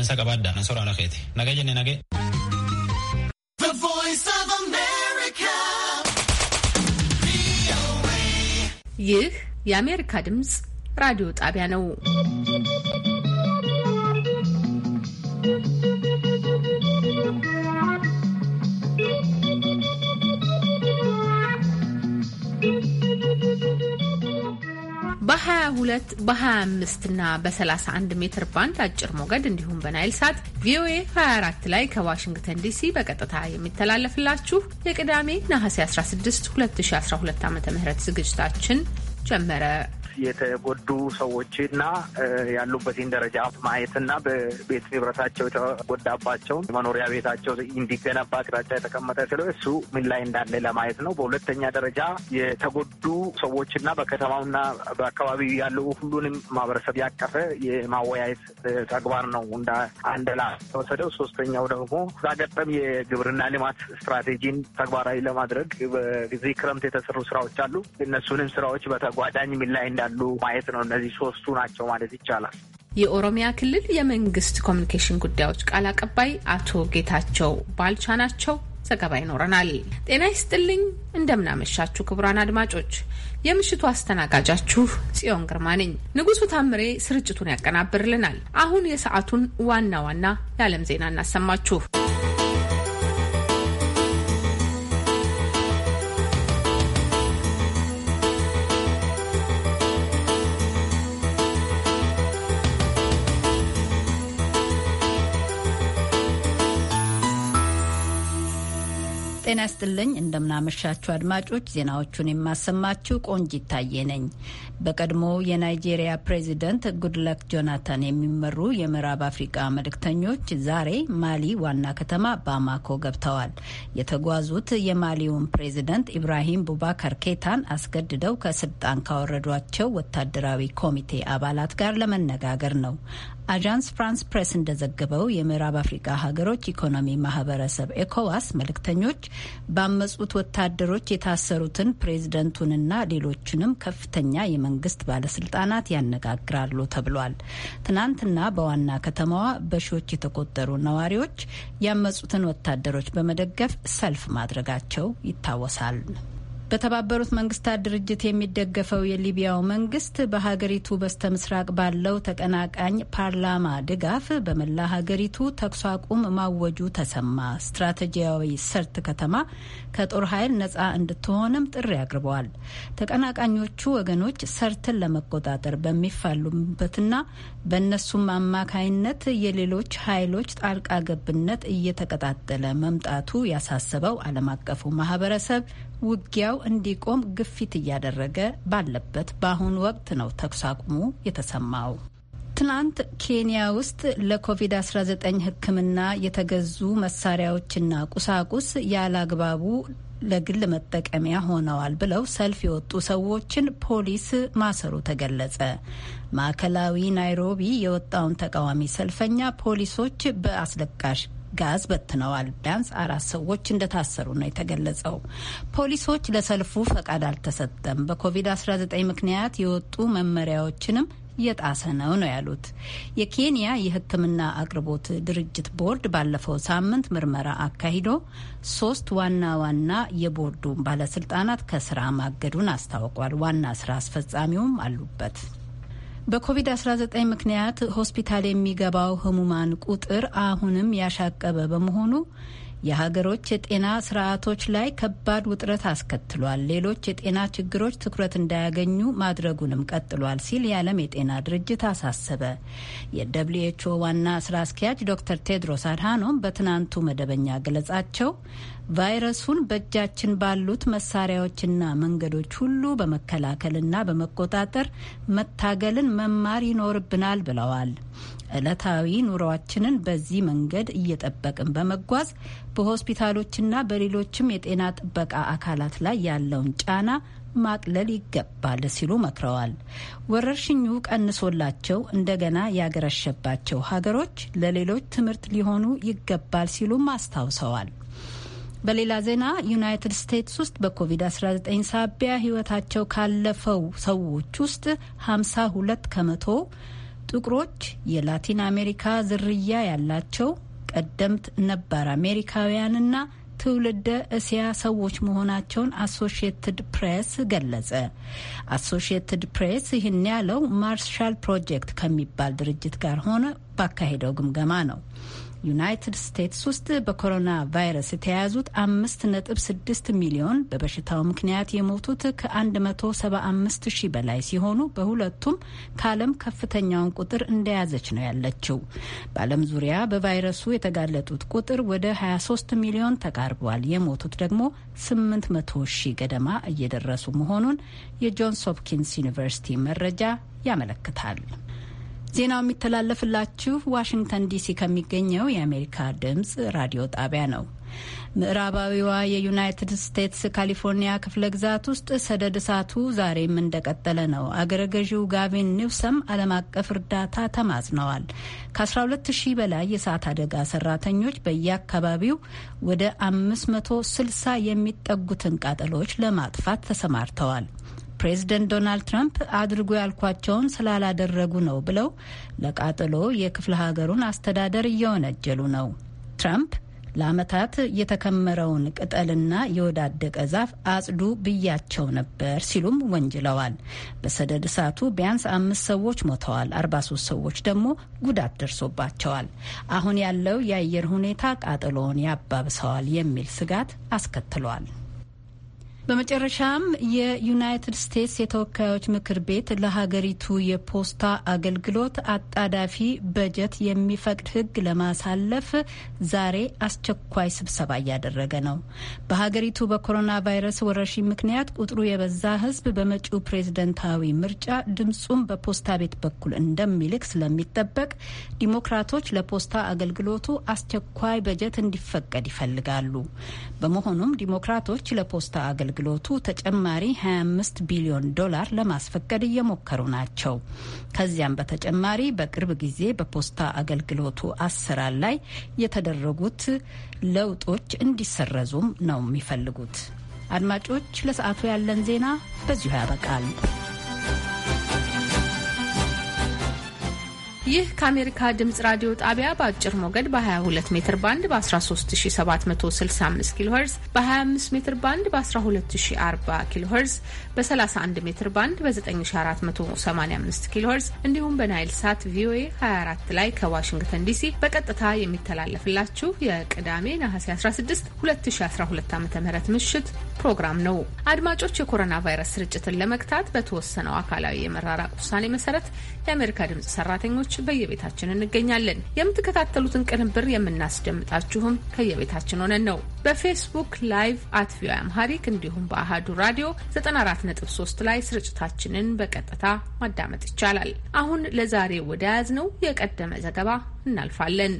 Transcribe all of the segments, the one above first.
Isa qabadda soraana keeti. Nage jenne nage. The Voice of America. ይህ የአሜሪካ ድምፅ ራዲዮ ጣቢያ ነው። በ22 በ25 እና በ31 ሜትር ባንድ አጭር ሞገድ እንዲሁም በናይል ሳት ቪኦኤ 24 ላይ ከዋሽንግተን ዲሲ በቀጥታ የሚተላለፍላችሁ የቅዳሜ ነሐሴ 16 2012 ዓ ም ዝግጅታችን ጀመረ። የተጎዱ ሰዎችና ያሉበትን ደረጃ ማየትና በቤት ንብረታቸው የተጎዳባቸውን መኖሪያ ቤታቸው እንዲገነባ አቅጣጫ የተቀመጠ ስለ እሱ ምን ላይ እንዳለ ለማየት ነው። በሁለተኛ ደረጃ የተጎዱ ሰዎችና በከተማውና በአካባቢው ያሉ ሁሉንም ማህበረሰብ ያቀፈ የማወያየት ተግባር ነው እንደ አንድ ላ ተወሰደው። ሶስተኛው ደግሞ ዛገጠም የግብርና ልማት ስትራቴጂን ተግባራዊ ለማድረግ በዚህ ክረምት የተሰሩ ስራዎች አሉ። እነሱንም ስራዎች በተጓዳኝ ምን ላይ እንዳለ ይችላሉ ማየት ነው። እነዚህ ሶስቱ ናቸው ማለት ይቻላል። የኦሮሚያ ክልል የመንግስት ኮሚኒኬሽን ጉዳዮች ቃል አቀባይ አቶ ጌታቸው ባልቻ ናቸው። ዘገባ ይኖረናል። ጤና ይስጥልኝ። እንደምናመሻችሁ ክቡራን አድማጮች፣ የምሽቱ አስተናጋጃችሁ ጽዮን ግርማ ነኝ። ንጉሱ ታምሬ ስርጭቱን ያቀናብርልናል። አሁን የሰዓቱን ዋና ዋና የዓለም ዜና እናሰማችሁ። ጤና ይስጥልኝ እንደምናመሻችሁ አድማጮች፣ ዜናዎቹን የማሰማችሁ ቆንጅ ይታየ ነኝ። በቀድሞ የናይጄሪያ ፕሬዚደንት ጉድለክ ጆናታን የሚመሩ የምዕራብ አፍሪቃ መልእክተኞች ዛሬ ማሊ ዋና ከተማ ባማኮ ገብተዋል። የተጓዙት የማሊውን ፕሬዚደንት ኢብራሂም ቡባካር ኬታን አስገድደው ከስልጣን ካወረዷቸው ወታደራዊ ኮሚቴ አባላት ጋር ለመነጋገር ነው። አጃንስ ፍራንስ ፕሬስ እንደዘገበው የምዕራብ አፍሪካ ሀገሮች ኢኮኖሚ ማህበረሰብ ኤኮዋስ መልእክተኞች ባመጹት ወታደሮች የታሰሩትን ፕሬዝደንቱንና ሌሎችንም ከፍተኛ የመንግስት ባለስልጣናት ያነጋግራሉ ተብሏል። ትናንትና በዋና ከተማዋ በሺዎች የተቆጠሩ ነዋሪዎች ያመጹትን ወታደሮች በመደገፍ ሰልፍ ማድረጋቸው ይታወሳል። በተባበሩት መንግስታት ድርጅት የሚደገፈው የሊቢያው መንግስት በሀገሪቱ በስተ ምስራቅ ባለው ተቀናቃኝ ፓርላማ ድጋፍ በመላ ሀገሪቱ ተኩስ አቁም ማወጁ ተሰማ። ስትራቴጂያዊ ሰርት ከተማ ከጦር ኃይል ነጻ እንድትሆንም ጥሪ አቅርበዋል። ተቀናቃኞቹ ወገኖች ሰርትን ለመቆጣጠር በሚፋሉበትና በእነሱም አማካይነት የሌሎች ኃይሎች ጣልቃ ገብነት እየተቀጣጠለ መምጣቱ ያሳሰበው ዓለም አቀፉ ማህበረሰብ ውጊያው እንዲቆም ግፊት እያደረገ ባለበት በአሁኑ ወቅት ነው ተኩስ አቁሙ የተሰማው። ትናንት ኬንያ ውስጥ ለኮቪድ-19 ሕክምና የተገዙ መሳሪያዎችና ቁሳቁስ ያለ አግባቡ ለግል መጠቀሚያ ሆነዋል ብለው ሰልፍ የወጡ ሰዎችን ፖሊስ ማሰሩ ተገለጸ። ማዕከላዊ ናይሮቢ የወጣውን ተቃዋሚ ሰልፈኛ ፖሊሶች በአስለቃሽ ጋዝ በትነዋል። ቢያንስ አራት ሰዎች እንደታሰሩ ነው የተገለጸው። ፖሊሶች ለሰልፉ ፈቃድ አልተሰጠም፣ በኮቪድ-19 ምክንያት የወጡ መመሪያዎችንም እየጣሰ ነው ነው ያሉት። የኬንያ የሕክምና አቅርቦት ድርጅት ቦርድ ባለፈው ሳምንት ምርመራ አካሂዶ ሶስት ዋና ዋና የቦርዱ ባለስልጣናት ከስራ ማገዱን አስታውቋል። ዋና ስራ አስፈጻሚውም አሉበት። በኮቪድ-19 ምክንያት ሆስፒታል የሚገባው ህሙማን ቁጥር አሁንም ያሻቀበ በመሆኑ የሀገሮች የጤና ስርዓቶች ላይ ከባድ ውጥረት አስከትሏል፣ ሌሎች የጤና ችግሮች ትኩረት እንዳያገኙ ማድረጉንም ቀጥሏል ሲል የዓለም የጤና ድርጅት አሳሰበ። የደብሊው ኤች ኦ ዋና ስራ አስኪያጅ ዶክተር ቴድሮስ አድሃኖም በትናንቱ መደበኛ ገለጻቸው ቫይረሱን በእጃችን ባሉት መሳሪያዎችና መንገዶች ሁሉ በመከላከልና በመቆጣጠር መታገልን መማር ይኖርብናል ብለዋል። ዕለታዊ ኑሮአችንን በዚህ መንገድ እየጠበቅን በመጓዝ በሆስፒታሎችና በሌሎችም የጤና ጥበቃ አካላት ላይ ያለውን ጫና ማቅለል ይገባል ሲሉ መክረዋል። ወረርሽኙ ቀንሶላቸው እንደገና ያገረሸባቸው ሀገሮች ለሌሎች ትምህርት ሊሆኑ ይገባል ሲሉም አስታውሰዋል። በሌላ ዜና ዩናይትድ ስቴትስ ውስጥ በኮቪድ-19 ሳቢያ ሕይወታቸው ካለፈው ሰዎች ውስጥ 52 ከመቶ ጥቁሮች የላቲን አሜሪካ ዝርያ ያላቸው ቀደምት ነባር አሜሪካውያንና ትውልደ እስያ ሰዎች መሆናቸውን አሶሽየትድ ፕሬስ ገለጸ። አሶሽየትድ ፕሬስ ይህን ያለው ማርሻል ፕሮጀክት ከሚባል ድርጅት ጋር ሆነ ባካሄደው ግምገማ ነው። ዩናይትድ ስቴትስ ውስጥ በኮሮና ቫይረስ የተያያዙት አምስት ነጥብ ስድስት ሚሊዮን በበሽታው ምክንያት የሞቱት ከ አምስት ሺህ በላይ ሲሆኑ በሁለቱም ከዓለም ከፍተኛውን ቁጥር እንደያዘች ነው ያለችው። በዓለም ዙሪያ በቫይረሱ የተጋለጡት ቁጥር ወደ 23 ሚሊዮን ተቃርቧል። የሞቱት ደግሞ 800 ሺህ ገደማ እየደረሱ መሆኑን የጆንስ ሆፕኪንስ ዩኒቨርሲቲ መረጃ ያመለክታል። ዜናው የሚተላለፍላችሁ ዋሽንግተን ዲሲ ከሚገኘው የአሜሪካ ድምፅ ራዲዮ ጣቢያ ነው። ምዕራባዊዋ የዩናይትድ ስቴትስ ካሊፎርኒያ ክፍለ ግዛት ውስጥ ሰደድ እሳቱ ዛሬም እንደቀጠለ ነው። አገረ ገዢው ጋቪን ኒውሰም ዓለም አቀፍ እርዳታ ተማጽነዋል። ከ12 ሺህ በላይ የእሳት አደጋ ሰራተኞች በየአካባቢው ወደ 560 የሚጠጉትን ቃጠሎች ለማጥፋት ተሰማርተዋል። ፕሬዝደንት ዶናልድ ትራምፕ አድርጉ ያልኳቸውን ስላላደረጉ ነው ብለው ለቃጥሎ የክፍለ ሀገሩን አስተዳደር እየወነጀሉ ነው። ትራምፕ ለአመታት የተከመረውን ቅጠልና የወዳደቀ ዛፍ አጽዱ ብያቸው ነበር ሲሉም ወንጅለዋል። በሰደድ እሳቱ ቢያንስ አምስት ሰዎች ሞተዋል፣ አርባ ሶስት ሰዎች ደግሞ ጉዳት ደርሶባቸዋል። አሁን ያለው የአየር ሁኔታ ቃጠሎውን ያባብሰዋል የሚል ስጋት አስከትሏል። በመጨረሻም የዩናይትድ ስቴትስ የተወካዮች ምክር ቤት ለሀገሪቱ የፖስታ አገልግሎት አጣዳፊ በጀት የሚፈቅድ ሕግ ለማሳለፍ ዛሬ አስቸኳይ ስብሰባ እያደረገ ነው። በሀገሪቱ በኮሮና ቫይረስ ወረርሽኝ ምክንያት ቁጥሩ የበዛ ሕዝብ በመጪው ፕሬዝደንታዊ ምርጫ ድምፁን በፖስታ ቤት በኩል እንደሚልክ ስለሚጠበቅ ዲሞክራቶች ለፖስታ አገልግሎቱ አስቸኳይ በጀት እንዲፈቀድ ይፈልጋሉ። በመሆኑም ዲሞክራቶች ለፖስታ አገልግሎት አገልግሎቱ ተጨማሪ 25 ቢሊዮን ዶላር ለማስፈቀድ እየሞከሩ ናቸው። ከዚያም በተጨማሪ በቅርብ ጊዜ በፖስታ አገልግሎቱ አሰራር ላይ የተደረጉት ለውጦች እንዲሰረዙም ነው የሚፈልጉት። አድማጮች፣ ለሰዓቱ ያለን ዜና በዚሁ ያበቃል። ይህ ከአሜሪካ ድምጽ ራዲዮ ጣቢያ በአጭር ሞገድ በ22 ሜትር ባንድ በ13765 ኪሎ ሄርዝ በ25 ሜትር ባንድ በ1240 ኪሎ ሄርዝ በ31 ሜትር ባንድ በ9485 ኪሎ ሄርዝ እንዲሁም በናይል ሳት ቪኦኤ 24 ላይ ከዋሽንግተን ዲሲ በቀጥታ የሚተላለፍላችሁ የቅዳሜ ነሐሴ 16 2012 ዓ ም ምሽት ፕሮግራም ነው። አድማጮች የኮሮና ቫይረስ ስርጭትን ለመግታት በተወሰነው አካላዊ የመራራቅ ውሳኔ መሰረት የአሜሪካ ድምጽ ሰራተኞች በየቤታችን እንገኛለን። የምትከታተሉትን ቅንብር የምናስደምጣችሁም ከየቤታችን ሆነን ነው። በፌስቡክ ላይቭ አት ቪኦኤ አምሃሪክ እንዲሁም በአህዱ ራዲዮ 94.3 ላይ ስርጭታችንን በቀጥታ ማዳመጥ ይቻላል። አሁን ለዛሬ ወደ ያዝ ነው የቀደመ ዘገባ እናልፋለን።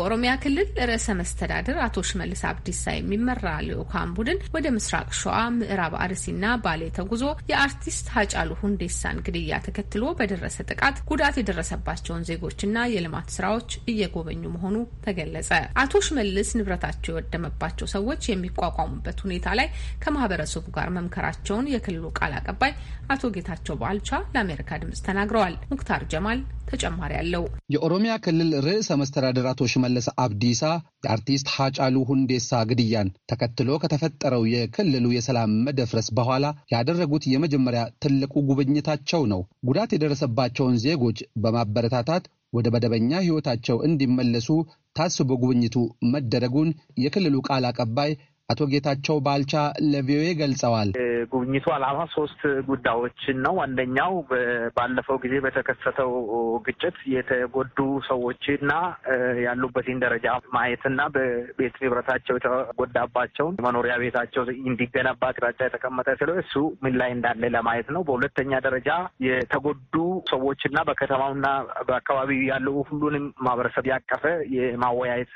በኦሮሚያ ክልል ርዕሰ መስተዳድር አቶ ሽመልስ አብዲሳ የሚመራ ልዑካን ቡድን ወደ ምስራቅ ሸዋ፣ ምዕራብ አርሲና ባሌ ተጉዞ የአርቲስት ሀጫሉ ሁንዴሳን ግድያ ተከትሎ በደረሰ ጥቃት ጉዳት የደረሰባቸውን ዜጎችና የልማት ስራዎች እየጎበኙ መሆኑ ተገለጸ። አቶ ሽመልስ ንብረታቸው የወደመባቸው ሰዎች የሚቋቋሙበት ሁኔታ ላይ ከማህበረሰቡ ጋር መምከራቸውን የክልሉ ቃል አቀባይ አቶ ጌታቸው ባልቻ ለአሜሪካ ድምጽ ተናግረዋል። ሙክታር ጀማል ተጨማሪ አለው። የኦሮሚያ ክልል ርዕሰ መስተዳደር አቶ ሽመ መለሰ አብዲሳ የአርቲስት ሀጫሉ ሁንዴሳ ግድያን ተከትሎ ከተፈጠረው የክልሉ የሰላም መደፍረስ በኋላ ያደረጉት የመጀመሪያ ትልቁ ጉብኝታቸው ነው። ጉዳት የደረሰባቸውን ዜጎች በማበረታታት ወደ መደበኛ ሕይወታቸው እንዲመለሱ ታስቦ ጉብኝቱ መደረጉን የክልሉ ቃል አቀባይ አቶ ጌታቸው ባልቻ ለቪኦኤ ገልጸዋል። ጉብኝቱ ዓላማ ሶስት ጉዳዮችን ነው። አንደኛው ባለፈው ጊዜ በተከሰተው ግጭት የተጎዱ ሰዎችና ያሉበትን ደረጃ ማየትና በቤት ንብረታቸው የተጎዳባቸውን መኖሪያ ቤታቸው እንዲገነባ አቅጣጫ የተቀመጠ ስለ እሱ ምን ላይ እንዳለ ለማየት ነው። በሁለተኛ ደረጃ የተጎዱ ሰዎችና በከተማውና በአካባቢው ያለው ሁሉንም ማህበረሰብ ያቀፈ የማወያየት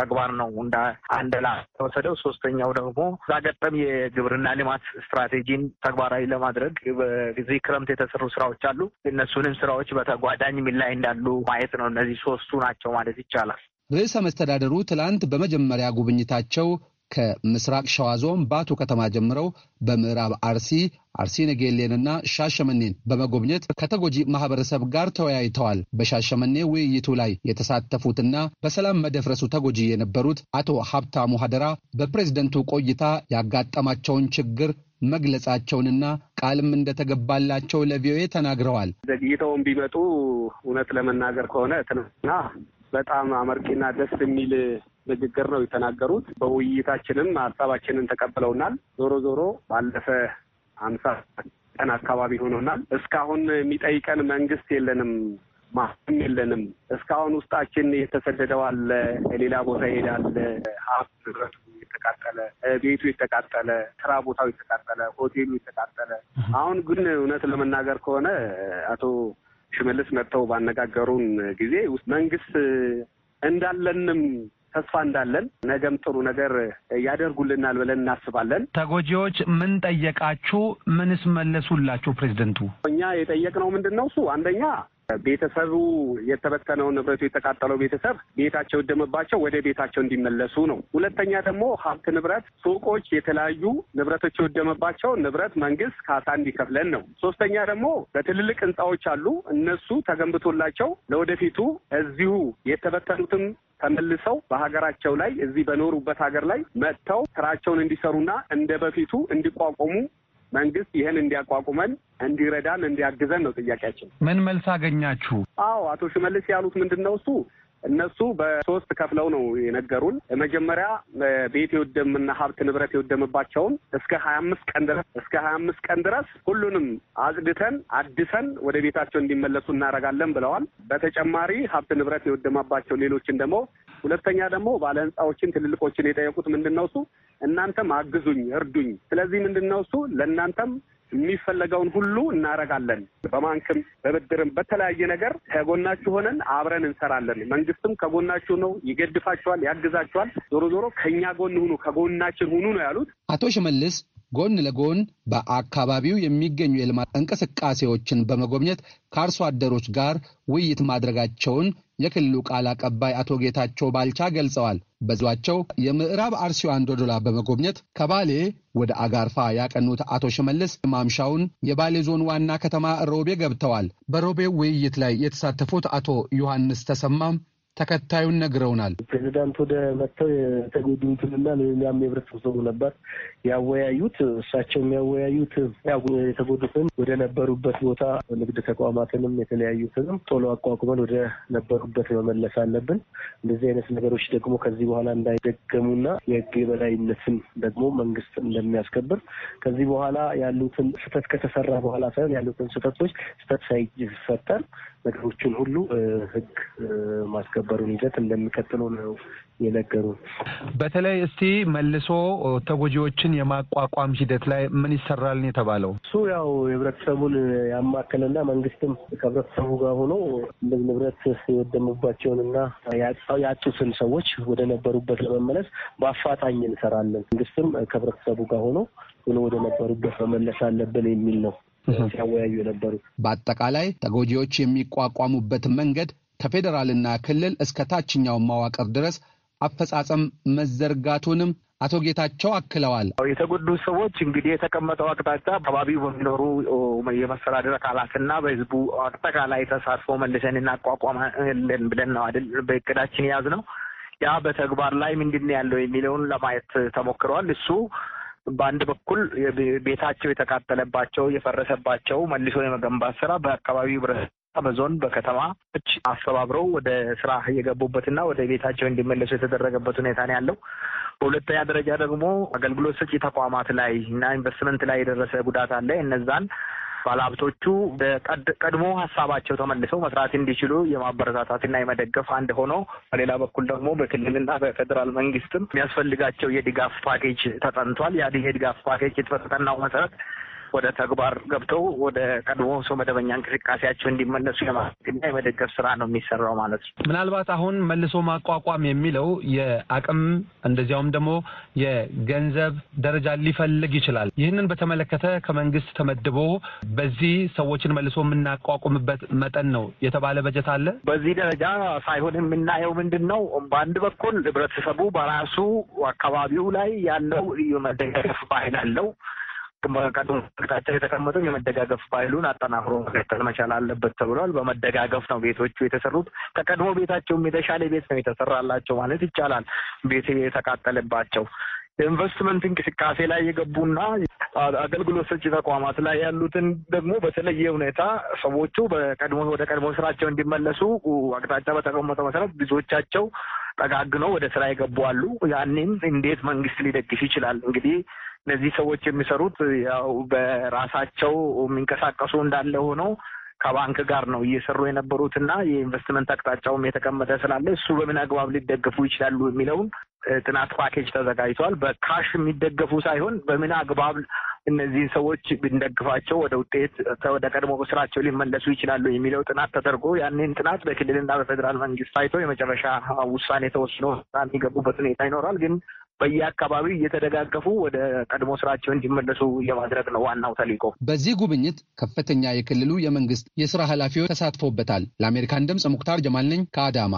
ተግባር ነው እንደ አንድ ላ ተወሰደው ሶስተኛ ሁለተኛው ደግሞ ዛገጠም የግብርና ልማት ስትራቴጂን ተግባራዊ ለማድረግ በዚህ ክረምት የተሰሩ ስራዎች አሉ። እነሱንም ስራዎች በተጓዳኝ ሚላይ ላይ እንዳሉ ማየት ነው። እነዚህ ሶስቱ ናቸው ማለት ይቻላል። ርዕሰ መስተዳደሩ ትላንት በመጀመሪያ ጉብኝታቸው ከምስራቅ ሸዋ ዞን ባቱ ከተማ ጀምረው በምዕራብ አርሲ አርሲ ነገሌንና ሻሸመኔን በመጎብኘት ከተጎጂ ማህበረሰብ ጋር ተወያይተዋል። በሻሸመኔ ውይይቱ ላይ የተሳተፉትና በሰላም መደፍረሱ ተጎጂ የነበሩት አቶ ሀብታሙ ሀደራ በፕሬዝደንቱ ቆይታ ያጋጠማቸውን ችግር መግለጻቸውንና ቃልም እንደተገባላቸው ለቪኦኤ ተናግረዋል። ዘግይተውን ቢመጡ እውነት ለመናገር ከሆነ ትናንትና በጣም አመርቂና ደስ የሚል ንግግር ነው የተናገሩት። በውይይታችንም ሀሳባችንን ተቀብለውናል። ዞሮ ዞሮ ባለፈ አምሳ ቀን አካባቢ ሆኖናል። እስካሁን የሚጠይቀን መንግስት የለንም ማም የለንም። እስካሁን ውስጣችን የተሰደደው አለ፣ ሌላ ቦታ ይሄዳል። ሀብት ንብረቱ የተቃጠለ፣ ቤቱ የተቃጠለ፣ ስራ ቦታው የተቃጠለ፣ ሆቴሉ የተቃጠለ። አሁን ግን እውነት ለመናገር ከሆነ አቶ ሽመልስ መጥተው ባነጋገሩን ጊዜ ውስጥ መንግስት እንዳለንም ተስፋ እንዳለን ነገም ጥሩ ነገር ያደርጉልናል ብለን እናስባለን። ተጎጂዎች ምን ጠየቃችሁ? ምንስ መለሱላችሁ? ፕሬዚደንቱ እኛ የጠየቅነው ምንድን ነው እሱ አንደኛ ቤተሰቡ የተበተነው ንብረቱ የተቃጠለው ቤተሰብ ቤታቸው ይደመባቸው ወደ ቤታቸው እንዲመለሱ ነው። ሁለተኛ ደግሞ ሀብት ንብረት፣ ሱቆች፣ የተለያዩ ንብረቶች የወደመባቸው ንብረት መንግስት ካሳ እንዲከፍለን ነው። ሶስተኛ ደግሞ በትልልቅ ህንፃዎች አሉ። እነሱ ተገንብቶላቸው ለወደፊቱ እዚሁ የተበተኑትም ተመልሰው በሀገራቸው ላይ እዚህ በኖሩበት ሀገር ላይ መጥተው ስራቸውን እንዲሰሩና እንደ በፊቱ እንዲቋቋሙ መንግስት ይህን እንዲያቋቁመን እንዲረዳን እንዲያግዘን ነው ጥያቄያችን። ምን መልስ አገኛችሁ? አዎ አቶ ሽመልስ ያሉት ምንድን ነው እሱ እነሱ በሶስት ከፍለው ነው የነገሩን። መጀመሪያ ቤት የወደምና ሀብት ንብረት የወደምባቸውን እስከ ሀያ አምስት ቀን ድረስ እስከ ሀያ አምስት ቀን ድረስ ሁሉንም አጽድተን አድሰን ወደ ቤታቸው እንዲመለሱ እናደርጋለን ብለዋል። በተጨማሪ ሀብት ንብረት የወደማባቸው ሌሎችን ደግሞ ሁለተኛ ደግሞ ባለ ህንፃዎችን ትልልቆችን የጠየቁት ምንድን ነው እሱ እናንተም አግዙኝ፣ እርዱኝ። ስለዚህ ምንድን ነው እሱ ለእናንተም የሚፈለገውን ሁሉ እናረጋለን። በባንክም በብድርም በተለያየ ነገር ከጎናችሁ ሆነን አብረን እንሰራለን። መንግስትም ከጎናችሁ ነው፣ ይገድፋችኋል፣ ያግዛችኋል። ዞሮ ዞሮ ከእኛ ጎን ሁኑ፣ ከጎናችን ሁኑ ነው ያሉት አቶ ሽመልስ ጎን ለጎን በአካባቢው የሚገኙ የልማት እንቅስቃሴዎችን በመጎብኘት ከአርሶ አደሮች ጋር ውይይት ማድረጋቸውን የክልሉ ቃል አቀባይ አቶ ጌታቸው ባልቻ ገልጸዋል። በዟቸው የምዕራብ አርሲዋ አንዶዶላ በመጎብኘት ከባሌ ወደ አጋርፋ ያቀኑት አቶ ሽመልስ ማምሻውን የባሌ ዞን ዋና ከተማ ሮቤ ገብተዋል። በሮቤው ውይይት ላይ የተሳተፉት አቶ ዮሐንስ ተሰማም ተከታዩን ነግረውናል። ፕሬዚዳንት ወደ መጥተው የተጎዱትንና ሌላም የህብረተሰቡ ሰው ነበር ያወያዩት። እሳቸው የሚያወያዩት የተጎዱትን ወደ ነበሩበት ቦታ ንግድ ተቋማትንም የተለያዩትንም ቶሎ አቋቁመን ወደ ነበሩበት መመለስ አለብን። እንደዚህ አይነት ነገሮች ደግሞ ከዚህ በኋላ እንዳይደገሙና የህግ የበላይነትን ደግሞ መንግስት እንደሚያስከብር ከዚህ በኋላ ያሉትን ስህተት ከተሰራ በኋላ ሳይሆን ያሉትን ስህተቶች ስህተት ሳይፈጠር ነገሮችን ሁሉ ህግ ማስከበሩን ሂደት እንደሚቀጥለው ነው የነገሩ። በተለይ እስቲ መልሶ ተጎጂዎችን የማቋቋም ሂደት ላይ ምን ይሰራል ነው የተባለው? እሱ ያው የህብረተሰቡን ያማከለና መንግስትም ከህብረተሰቡ ጋር ሆኖ ንብረት የወደሙባቸውንና ያጡትን ሰዎች ወደ ነበሩበት ለመመለስ በአፋጣኝ እንሰራለን። መንግስትም ከህብረተሰቡ ጋር ሆኖ ሆኖ ወደ ነበሩበት መመለስ አለብን የሚል ነው። ሲያወያዩ የነበሩ። በአጠቃላይ ተጎጂዎች የሚቋቋሙበት መንገድ ከፌዴራልና ክልል እስከ ታችኛው መዋቅር ድረስ አፈጻጸም መዘርጋቱንም አቶ ጌታቸው አክለዋል። የተጎዱ ሰዎች እንግዲህ የተቀመጠው አቅጣጫ አካባቢው በሚኖሩ የመስተዳድር አካላትና በህዝቡ አጠቃላይ ተሳትፎ መልሰን እናቋቋማለን ብለን ነው አይደል በእቅዳችን የያዝነው። ያ በተግባር ላይ ምንድን ያለው የሚለውን ለማየት ተሞክረዋል። እሱ በአንድ በኩል ቤታቸው የተቃጠለባቸው የፈረሰባቸው መልሶ የመገንባት ስራ በአካባቢው ህብረተሰብ በዞን በከተማ አስተባብረው ወደ ስራ የገቡበትና ወደ ቤታቸው እንዲመለሱ የተደረገበት ሁኔታ ነው ያለው። በሁለተኛ ደረጃ ደግሞ አገልግሎት ሰጪ ተቋማት ላይ እና ኢንቨስትመንት ላይ የደረሰ ጉዳት አለ። እነዛን ባለሀብቶቹ ቀድሞ ሀሳባቸው ተመልሰው መስራት እንዲችሉ የማበረታታትና የመደገፍ አንድ ሆኖ፣ በሌላ በኩል ደግሞ በክልልና በፌዴራል መንግስትም የሚያስፈልጋቸው የድጋፍ ፓኬጅ ተጠንቷል። ያ ድጋፍ ፓኬጅ በተጠናው መሰረት ወደ ተግባር ገብተው ወደ ቀድሞ ሰው መደበኛ እንቅስቃሴያቸው እንዲመለሱ የማድረግና የመደገፍ ስራ ነው የሚሰራው ማለት ነው። ምናልባት አሁን መልሶ ማቋቋም የሚለው የአቅም እንደዚያውም ደግሞ የገንዘብ ደረጃ ሊፈልግ ይችላል። ይህንን በተመለከተ ከመንግስት ተመድቦ በዚህ ሰዎችን መልሶ የምናቋቁምበት መጠን ነው የተባለ በጀት አለ። በዚህ ደረጃ ሳይሆን የምናየው ምንድን ነው፣ በአንድ በኩል ህብረተሰቡ በራሱ አካባቢው ላይ ያለው ልዩ መደገፍ ባህል አለው። በቀድሞ አቅጣጫ የተቀመጠው የመደጋገፍ ፋይሉን አጠናክሮ መቀጠል መቻል አለበት ተብሏል። በመደጋገፍ ነው ቤቶቹ የተሰሩት። ከቀድሞ ቤታቸውም የተሻለ ቤት ነው የተሰራላቸው ማለት ይቻላል። ቤት የተቃጠለባቸው የኢንቨስትመንት እንቅስቃሴ ላይ የገቡና አገልግሎት ሰጪ ተቋማት ላይ ያሉትን ደግሞ በተለየ ሁኔታ ሰዎቹ በቀድሞ ወደ ቀድሞ ስራቸው እንዲመለሱ አቅጣጫ በተቀመጠው መሰረት ብዙዎቻቸው ጠጋግነው ወደ ስራ የገቡ አሉ። ያኔም እንዴት መንግስት ሊደግፍ ይችላል? እንግዲህ እነዚህ ሰዎች የሚሰሩት ያው በራሳቸው የሚንቀሳቀሱ እንዳለ ሆነው ከባንክ ጋር ነው እየሰሩ የነበሩት እና የኢንቨስትመንት አቅጣጫውም የተቀመጠ ስላለ እሱ በምን አግባብ ሊደገፉ ይችላሉ የሚለውን ጥናት ፓኬጅ ተዘጋጅቷል። በካሽ የሚደገፉ ሳይሆን በምን አግባብ እነዚህን ሰዎች ብንደግፋቸው ወደ ውጤት ወደ ቀድሞ ስራቸው ሊመለሱ ይችላሉ የሚለው ጥናት ተደርጎ ያንን ጥናት በክልልና በፌዴራል መንግስት ታይቶ የመጨረሻ ውሳኔ ተወስኖ የሚገቡበት ሁኔታ ይኖራል። ግን በየአካባቢው እየተደጋገፉ ወደ ቀድሞ ስራቸው እንዲመለሱ የማድረግ ነው ዋናው ተልዕኮ። በዚህ ጉብኝት ከፍተኛ የክልሉ የመንግስት የስራ ኃላፊዎች ተሳትፎበታል። ለአሜሪካን ድምፅ ሙክታር ጀማል ነኝ ከአዳማ።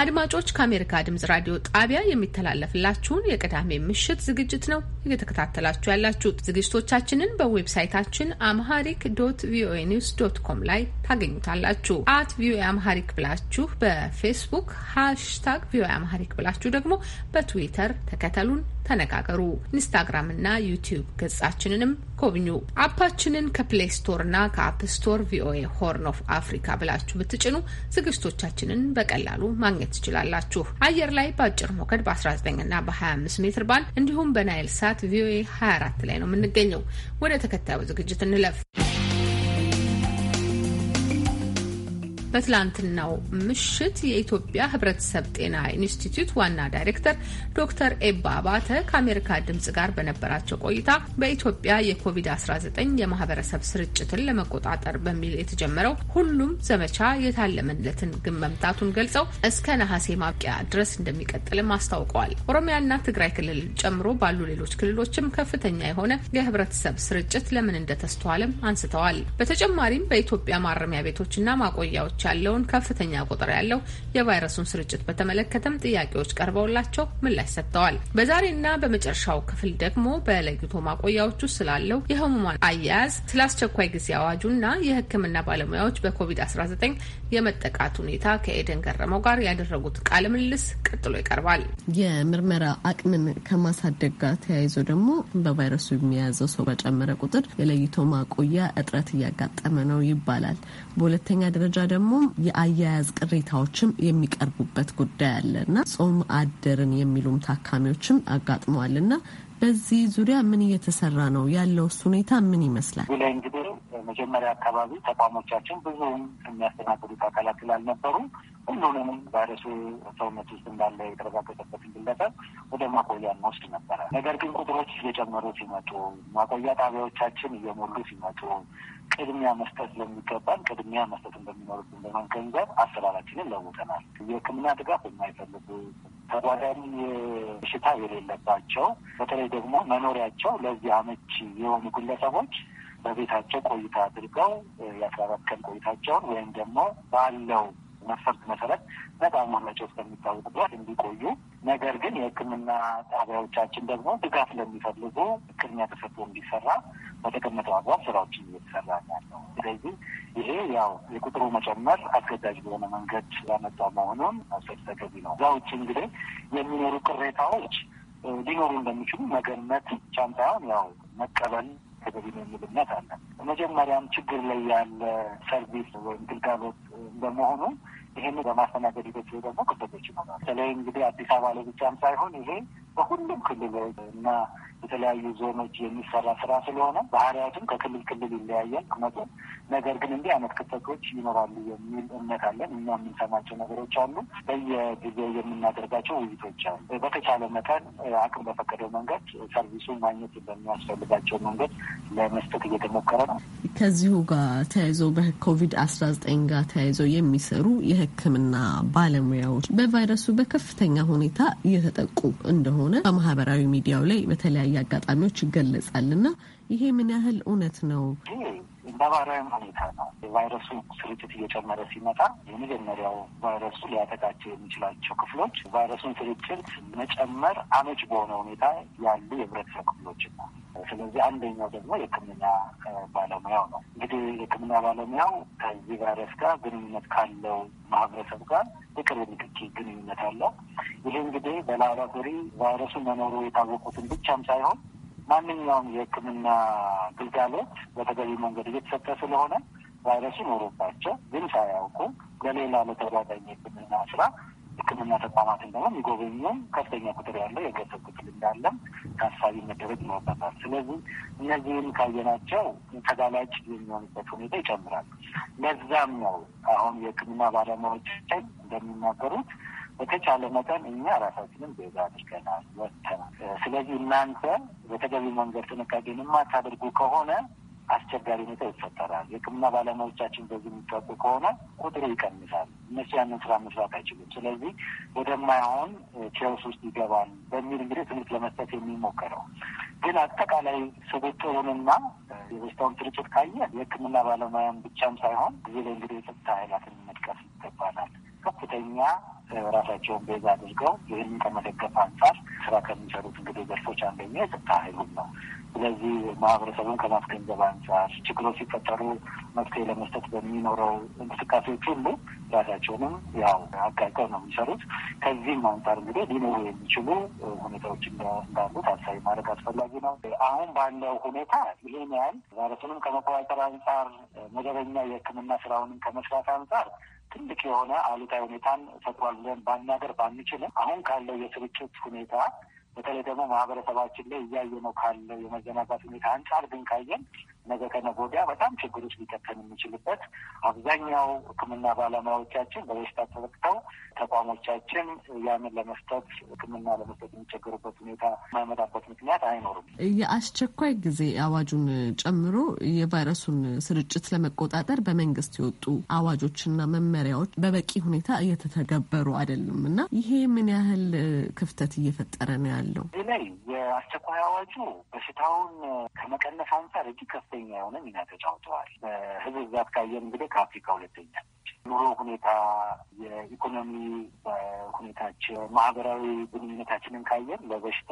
አድማጮች ከአሜሪካ ድምጽ ራዲዮ ጣቢያ የሚተላለፍላችሁን የቅዳሜ ምሽት ዝግጅት ነው እየተከታተላችሁ ያላችሁት። ዝግጅቶቻችንን በዌብሳይታችን አምሃሪክ ዶት ቪኦኤ ኒውስ ዶት ኮም ላይ ታገኙታላችሁ። አት ቪኦኤ አምሃሪክ ብላችሁ በፌስቡክ ሃሽታግ ቪኦኤ አምሃሪክ ብላችሁ ደግሞ በትዊተር ተከተሉን፣ ተነጋገሩ። ኢንስታግራምና ዩቲዩብ ገጻችንንም ጎብኙ። አፓችንን ከፕሌይ ስቶርና ከአፕ ስቶር ቪኦኤ ሆርን ኦፍ አፍሪካ ብላችሁ ብትጭኑ ዝግጅቶቻችንን በቀላሉ ማግኘት ማግኘት ትችላላችሁ። አየር ላይ በአጭር ሞገድ በ19 እና በ25 ሜትር ባንድ እንዲሁም በናይል ሳት ቪኦኤ 24 ላይ ነው የምንገኘው። ወደ ተከታዩ ዝግጅት እንለፍ። በትላንትናው ምሽት የኢትዮጵያ ሕብረተሰብ ጤና ኢንስቲትዩት ዋና ዳይሬክተር ዶክተር ኤባ አባተ ከአሜሪካ ድምጽ ጋር በነበራቸው ቆይታ በኢትዮጵያ የኮቪድ-19 የማህበረሰብ ስርጭትን ለመቆጣጠር በሚል የተጀመረው ሁሉም ዘመቻ የታለመለትን ግን መምታቱን ገልጸው እስከ ነሐሴ ማብቂያ ድረስ እንደሚቀጥልም አስታውቀዋል። ኦሮሚያና ትግራይ ክልል ጨምሮ ባሉ ሌሎች ክልሎችም ከፍተኛ የሆነ የህብረተሰብ ስርጭት ለምን እንደተስተዋለም አንስተዋል። በተጨማሪም በኢትዮጵያ ማረሚያ ቤቶችና ማቆያዎች ተጠቂዎች ያለውን ከፍተኛ ቁጥር ያለው የቫይረሱን ስርጭት በተመለከተም ጥያቄዎች ቀርበውላቸው ምላሽ ሰጥተዋል። በዛሬና በመጨረሻው ክፍል ደግሞ በለይቶ ማቆያዎች ውስጥ ስላለው የህሙማን አያያዝ፣ ስለ አስቸኳይ ጊዜ አዋጁና የህክምና ባለሙያዎች በኮቪድ-19 የመጠቃት ሁኔታ ከኤደን ገረመው ጋር ያደረጉት ቃለ ምልልስ ቀጥሎ ይቀርባል። የምርመራ አቅምን ከማሳደግ ጋር ተያይዞ ደግሞ በቫይረሱ የሚያዘው ሰው በጨመረ ቁጥር የለይቶ ማቆያ እጥረት እያጋጠመ ነው ይባላል። በሁለተኛ ደረጃ ደግሞ የአያያዝ ቅሬታዎችም የሚቀርቡበት ጉዳይ አለና ጾም አደርን የሚሉም ታካሚዎችም አጋጥመዋልና በዚህ ዙሪያ ምን እየተሰራ ነው? ያለውስ ሁኔታ ምን ይመስላል? እዚህ ላይ እንግዲህ መጀመሪያ አካባቢ ተቋሞቻችን ብዙም የሚያስተናግዱት አካላት ስላልነበሩ ሁሉንም ቫይረሱ ሰውነት ውስጥ እንዳለ የተረጋገጠበትን ግለሰብ ወደ ማቆያ እንወስድ ነበረ። ነገር ግን ቁጥሮች እየጨመሩ ሲመጡ ማቆያ ጣቢያዎቻችን እየሞሉ ሲመጡ ቅድሚያ መስጠት ለሚገባን ቅድሚያ መስጠት እንደሚኖርብን በመገንዘብ አሰራራችንን ለውጠናል። የሕክምና ድጋፍ የማይፈልጉ ተጓዳኝ በሽታ የሌለባቸው በተለይ ደግሞ መኖሪያቸው ለዚህ አመቺ የሆኑ ግለሰቦች በቤታቸው ቆይታ አድርገው የአስራ አራት ቀን ቆይታቸውን ወይም ደግሞ ባለው መስፈርት መሰረት ነፃ መሆናቸው እስከሚታወቅ ድረስ እንዲቆዩ፣ ነገር ግን የሕክምና ጣቢያዎቻችን ደግሞ ድጋፍ ለሚፈልጉ ቅድሚያ ተሰጥቶ እንዲሰራ በተቀመጠው አግባብ ስራዎችን እየተሰራ ያለው። ስለዚህ ይሄ ያው የቁጥሩ መጨመር አስገዳጅ በሆነ መንገድ ያመጣው መሆኑን መውሰድ ተገቢ ነው። እዛ ውጭ እንግዲህ የሚኖሩ ቅሬታዎች ሊኖሩ እንደሚችሉ መገመት ብቻም ሳይሆን ያው መቀበል ተገቢ ነው የሚልነት እምነት አለን። መጀመሪያም ችግር ላይ ያለ ሰርቪስ ወይም ግልጋሎት እንደመሆኑ ይህን በማስተናገድ ሂደት ደግሞ ክፍተቶች ይኖራሉ። በተለይ እንግዲህ አዲስ አበባ ላይ ብቻም ሳይሆን ይሄ በሁሉም ክልል እና በተለያዩ ዞኖች የሚሰራ ስራ ስለሆነ ባህሪያቱም ከክልል ክልል ይለያያል መጡ። ነገር ግን እንዲህ አይነት ክፍተቶች ይኖራሉ የሚል እምነት አለን። እኛ የምንሰማቸው ነገሮች አሉ። በየጊዜው የምናደርጋቸው ውይይቶች አሉ። በተቻለ መጠን አቅም በፈቀደው መንገድ ሰርቪሱ ማግኘት በሚያስፈልጋቸው መንገድ ለመስጠት እየተሞከረ ነው። ከዚሁ ጋር ተያይዞ በኮቪድ አስራ ዘጠኝ ጋር ተያይዞ የሚሰሩ የሕክምና ባለሙያዎች በቫይረሱ በከፍተኛ ሁኔታ እየተጠቁ እንደሆነ በማህበራዊ ሚዲያው ላይ በተለያዩ በተለያየ አጋጣሚዎች ይገለጻል እና ይሄ ምን ያህል እውነት ነው? ነባራዊ ሁኔታ ነው። የቫይረሱ ስርጭት እየጨመረ ሲመጣ የመጀመሪያው ቫይረሱ ሊያጠቃቸው የሚችላቸው ክፍሎች ቫይረሱን ስርጭት መጨመር አመች በሆነ ሁኔታ ያሉ የህብረተሰብ ክፍሎች ነው። ስለዚህ አንደኛው ደግሞ የሕክምና ባለሙያው ነው። እንግዲህ የሕክምና ባለሙያው ከዚህ ቫይረስ ጋር ግንኙነት ካለው ማህበረሰብ ጋር የቅርብ ንክኪ ግንኙነት አለው። ይህ እንግዲህ በላቦራቶሪ ቫይረሱ መኖሩ የታወቁትን ብቻም ሳይሆን ማንኛውም የሕክምና ግልጋሎት በተገቢ መንገድ እየተሰጠ ስለሆነ ቫይረሱ ኖሮባቸው ግን ሳያውቁ ለሌላ ለተጓዳኝ የሕክምና ስራ ሕክምና ተቋማትን ደግሞ የሚጎበኙም ከፍተኛ ቁጥር ያለው የገንዘብ ክፍል እንዳለም ታሳቢ መደረግ ይኖርበታል። ስለዚህ እነዚህም ካየናቸው ተጋላጭ የሚሆንበት ሁኔታ ይጨምራል። ለዛም ነው አሁን የሕክምና ባለሙያዎች እንደሚናገሩት በተቻለ መጠን እኛ ራሳችንን ቤዛ አድርገናል ወጥተናል። ስለዚህ እናንተ በተገቢ መንገድ ጥንቃቄን የማታደርጉ ከሆነ አስቸጋሪ ሁኔታ ይፈጠራል። የሕክምና ባለሙያዎቻችን በዚህ የሚጠቁ ከሆነ ቁጥሩ ይቀንሳል። እነሱ ያንን ስራ መስራት አይችሉም። ስለዚህ ወደማይሆን ኬዎስ ውስጥ ይገባል በሚል እንግዲህ ትምህርት ለመስጠት የሚሞከረው ግን አጠቃላይ ስብጥሩንና የበሽታውን ስርጭት ካየ የሕክምና ባለሙያን ብቻም ሳይሆን እዚህ ላይ እንግዲህ የጸጥታ ኃይላትን መጥቀስ ይገባናል። ከፍተኛ ራሳቸውን ቤዛ አድርገው ይህንን ከመደገፍ አንጻር ስራ ከሚሰሩት እንግዲህ ዘርፎች አንደኛው የጸጥታ ኃይሉን ነው። ስለዚህ ማህበረሰቡን ከማስገንዘብ አንጻር ችግሮች ሲፈጠሩ መፍትሄ ለመስጠት በሚኖረው እንቅስቃሴዎች ሁሉ ራሳቸውንም ያው አጋልጠው ነው የሚሰሩት። ከዚህም አንጻር እንግዲህ ሊኖሩ የሚችሉ ሁኔታዎች እንዳሉ ታሳቢ ማድረግ አስፈላጊ ነው። አሁን ባለው ሁኔታ ይህን ያህል ቫይረሱንም ከመቆጣጠር አንጻር መደበኛ የሕክምና ስራውንም ከመስራት አንጻር ትልቅ የሆነ አሉታዊ ሁኔታን ፈጥሯል ብለን ባናገር ባንችልም አሁን ካለው የስርጭት ሁኔታ በተለይ ደግሞ ማህበረሰባችን ላይ እያየ ነው ካለው የመዘናጋት ሁኔታ አንጻር ግን ካየን ነገ ከነገ ወዲያ በጣም ችግሮች ሊጠቀም የሚችልበት አብዛኛው ሕክምና ባለሙያዎቻችን በበሽታ ተጠቅተው ተቋሞቻችን ያንን ለመስጠት ሕክምና ለመስጠት የሚቸገሩበት ሁኔታ የማይመጣበት ምክንያት አይኖርም። የአስቸኳይ ጊዜ አዋጁን ጨምሮ የቫይረሱን ስርጭት ለመቆጣጠር በመንግስት የወጡ አዋጆችና መመሪያዎች በበቂ ሁኔታ እየተተገበሩ አይደሉም እና ይሄ ምን ያህል ክፍተት እየፈጠረ ነው ያለው? እዚህ ላይ የአስቸኳይ አዋጁ በሽታውን ከመቀነስ አንጻር እጅግ ከፍተ ከፍተኛ የሆነ ሚና ተጫውተዋል። በህዝብ ብዛት ካየን እንግዲህ ከአፍሪካ ሁለተኛ ኑሮ ሁኔታ፣ የኢኮኖሚ ሁኔታችን፣ ማህበራዊ ግንኙነታችንን ካየን ለበሽታ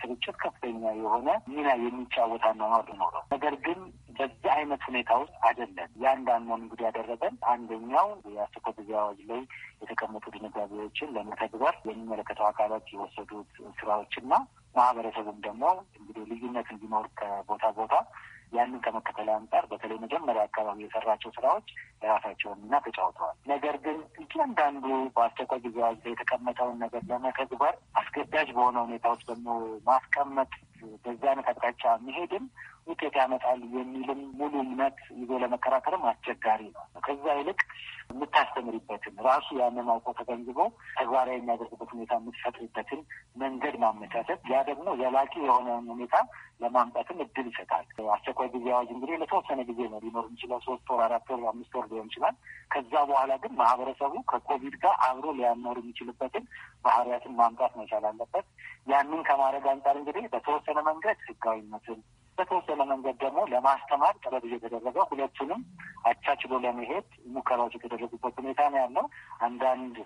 ስርጭት ከፍተኛ የሆነ ሚና የሚጫወት አኗኗር ኖረው፣ ነገር ግን በዚህ አይነት ሁኔታ ውስጥ አይደለም። የአንድ እንግዲህ ያደረገን አንደኛው የአስቸኳይ ጊዜ አዋጅ ላይ የተቀመጡ ድንጋጌዎችን ለመተግበር የሚመለከተው አካላት የወሰዱት ስራዎችና ማህበረሰቡም ደግሞ እንግዲህ ልዩነት እንዲኖር ከቦታ ቦታ ያንን ከመከተል አንጻር በተለይ መጀመሪያ አካባቢ የሰራቸው ስራዎች የራሳቸውን ሚና ተጫውተዋል። ነገር ግን እያንዳንዱ በአስቸኳይ ጊዜ አዋጅ የተቀመጠውን ነገር ለመተግበር አስገዳጅ በሆነ ሁኔታዎች ውስጥ ደግሞ ማስቀመጥ በዚህ አይነት አቅጣጫ መሄድም ውጤት ያመጣል የሚልም ሙሉ እምነት ይዞ ለመከራከርም አስቸጋሪ ነው። ከዛ ይልቅ የምታስተምሪበትን ራሱ ያንን አውቆ ተገንዝቦ ተግባራዊ የሚያደርግበት ሁኔታ የምትፈጥሪበትን መንገድ ማመቻቸት፣ ያ ደግሞ ዘላቂ የሆነውን ሁኔታ ለማምጣትም እድል ይሰጣል። አስቸኳይ ጊዜ አዋጅ እንግዲህ ለተወሰነ ጊዜ ነው ሊኖር የሚችለው፣ ሶስት ወር፣ አራት ወር፣ አምስት ወር ሊሆን ይችላል። ከዛ በኋላ ግን ማህበረሰቡ ከኮቪድ ጋር አብሮ ሊያኖር የሚችልበትን ባህሪያትን ማምጣት መቻል አለበት። ያንን ከማድረግ አንጻር እንግዲህ በተወሰነ መንገድ ህጋዊነትን በተወሰነ መንገድ ደግሞ ለማስተማር ጥረት እየተደረገ ሁለቱንም አቻችሎ ለመሄድ ሙከራዎች የተደረጉበት ሁኔታ ነው ያለው። አንዳንድ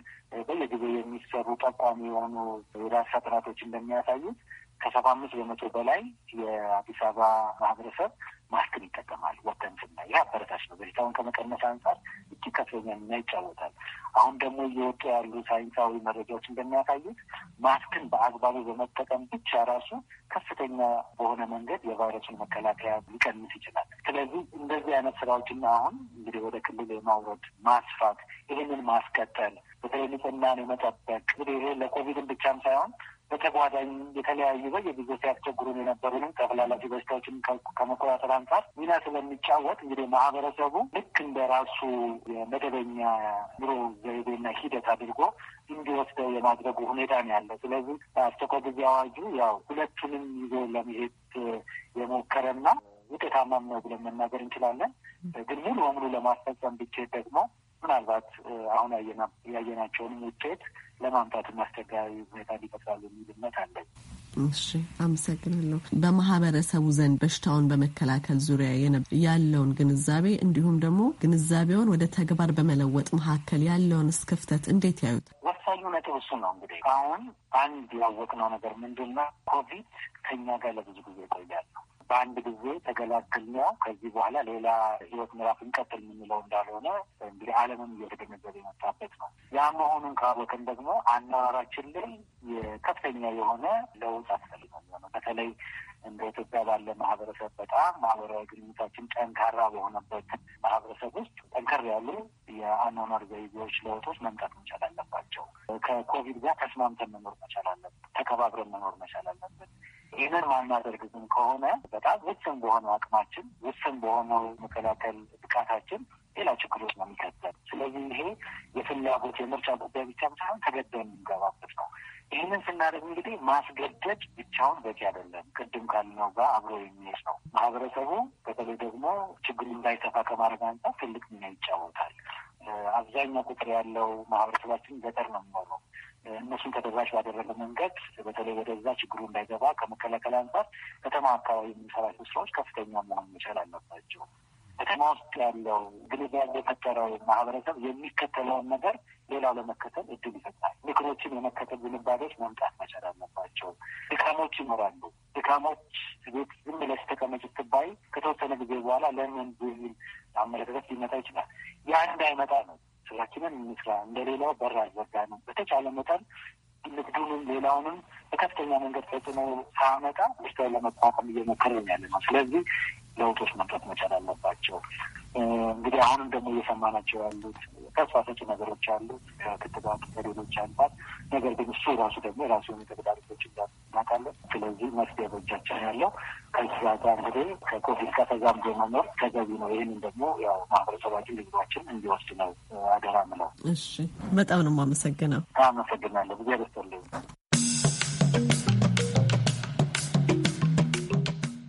በየጊዜው የሚሰሩ ጠቋሚ የሆኑ የዳሰሳ ጥናቶች እንደሚያሳዩት ከሰባ አምስት በመቶ በላይ የአዲስ አበባ ማህበረሰብ ማስክን ይጠቀማል። ወተን ይህ አበረታች ነው። በሽታውን ከመቀነስ አንጻር እጅግ ከፍተኛ ሚና ይጫወታል። አሁን ደግሞ እየወጡ ያሉ ሳይንሳዊ መረጃዎች እንደሚያሳዩት ማስክን በአግባቡ በመጠቀም ብቻ ራሱ ከፍተኛ በሆነ መንገድ የቫይረሱን መከላከያ ሊቀንስ ይችላል። ስለዚህ እንደዚህ አይነት ስራዎችና አሁን እንግዲህ ወደ ክልል የማውረድ ማስፋት፣ ይህንን ማስቀጠል በተለይ ንጽህናን የመጠበቅ እንግዲህ ይሄ ለኮቪድን ብቻም ሳይሆን በተጓዳኝ የተለያዩ በየጊዜው ሲያስቸግሩን የነበሩንም ተላላፊ በሽታዎችን ከመቆጣጠር አንጻር ሚና ስለሚጫወት እንግዲህ ማህበረሰቡ ልክ እንደ ራሱ የመደበኛ ኑሮ ዘይቤና ሂደት አድርጎ እንዲወስደው የማድረጉ ሁኔታ ነው ያለ። ስለዚህ አስቸኳይ ጊዜ አዋጁ ያው ሁለቱንም ይዞ ለመሄድ የሞከረና ውጤታማም ነው ብለን መናገር እንችላለን። ግን ሙሉ በሙሉ ለማስፈጸም ብቻ ደግሞ ምናልባት አሁን ያየናቸውን ውጤት ለማምጣት አስቸጋሪ ሁኔታ ሊፈጥራሉ የሚል እምነት አለኝ። እሺ፣ አመሰግናለሁ። በማህበረሰቡ ዘንድ በሽታውን በመከላከል ዙሪያ ያለውን ግንዛቤ እንዲሁም ደግሞ ግንዛቤውን ወደ ተግባር በመለወጥ መካከል ያለውን ክፍተት እንዴት ያዩት? ወሳኙ ነጥብ እሱ ነው። እንግዲህ አሁን አንድ ያወቅነው ነገር ምንድን ነው? ኮቪድ ከኛ ጋር ለብዙ ጊዜ ይቆያል ነው በአንድ ጊዜ ተገላግልና ከዚህ በኋላ ሌላ ህይወት ምዕራፍ እንቀጥል የምንለው እንዳልሆነ እንግዲህ ዓለምም እየተገነዘበ የመጣበት ነው። ያ መሆኑን ካወቅን ደግሞ አኗኗራችን ላይ ከፍተኛ የሆነ ለውጥ አስፈልጋል። በተለይ እንደ ኢትዮጵያ ባለ ማህበረሰብ በጣም ማህበራዊ ግንኙታችን ጠንካራ በሆነበት ማህበረሰብ ውስጥ ጠንከር ያሉ የአኗኗር ዘይቤዎች ለውጦች መምጣት መቻል አለባቸው። ከኮቪድ ጋር ተስማምተን መኖር መቻል ተከባብረን መኖር መቻል አለብን። ይህንን ማናደርግ ግን ከሆነ በጣም ውስን በሆነ አቅማችን፣ ውስን በሆነው መከላከል ብቃታችን ሌላ ችግሮች ነው የሚከተል። ስለዚህ ይሄ የፍላጎት የምርጫ ጉዳይ ብቻ ሳይሆን ተገደን የምንገባበት ነው። ይህንን ስናደርግ እንግዲህ ማስገደድ ብቻውን በቂ አይደለም። ቅድም ካልነው ጋር አብሮ የሚሄድ ነው። ማህበረሰቡ በተለይ ደግሞ ችግሩ እንዳይሰፋ ከማድረግ አንጻር ትልቅ ሚና ይጫወታል። አብዛኛው ቁጥር ያለው ማህበረሰባችን ገጠር ነው የሚኖረው። እነሱን ተደራሽ ባደረገ መንገድ በተለይ ወደዛ ችግሩ እንዳይገባ ከመከላከል አንጻር ከተማ አካባቢ የሚሰራቸው ስራዎች ከፍተኛ መሆን መቻል አለባቸው። ከተማ ውስጥ ያለው ግንዛቤ የፈጠረው ማህበረሰብ የሚከተለውን ነገር ሌላው ለመከተል እድል ይፈጥራል። ምክሮችን የመከተል ዝንባሌዎች መምጣት መቻል አለባቸው። ድካሞች ይኖራሉ። ድካሞች ቤት ዝም ብለሽ ተቀመጭ ስትባይ ከተወሰነ ጊዜ በኋላ ለምን የሚል አመለካከት ሊመጣ ይችላል። ያ እንዳይመጣ ነው ስራችንን እንስራ። እንደሌላው በር አልዘጋ ነው። በተቻለ መጠን ንግዱንም ሌላውንም በከፍተኛ መንገድ ተጽዕኖ ሳመጣ በሽታውን ለመቋቋም እየሞከርን ያለ ነው። ስለዚህ ለውጦች መምጣት መቻል አለባቸው። እንግዲህ አሁንም ደግሞ እየሰማናቸው ያሉት ተስፋ ሰጪ ነገሮች አሉ ከክትባት ከሌሎች አንጻር። ነገር ግን እሱ ራሱ ደግሞ የራሱ የሆኑ ተግዳሮቶች እናውቃለን። ስለዚህ መፍትሄ በእጃችን ያለው ከዛ ጋር እንግዲህ ከኮቪድ ጋር ተዛምዶ መኖር ተገቢ ነው። ይህንን ደግሞ ያው ማህበረሰባችን ልግባችን እንዲወስድ ነው አደራ ምለው። እሺ፣ በጣም ነው የማመሰግነው። አመሰግናለሁ። ብዙ ደስተልኝ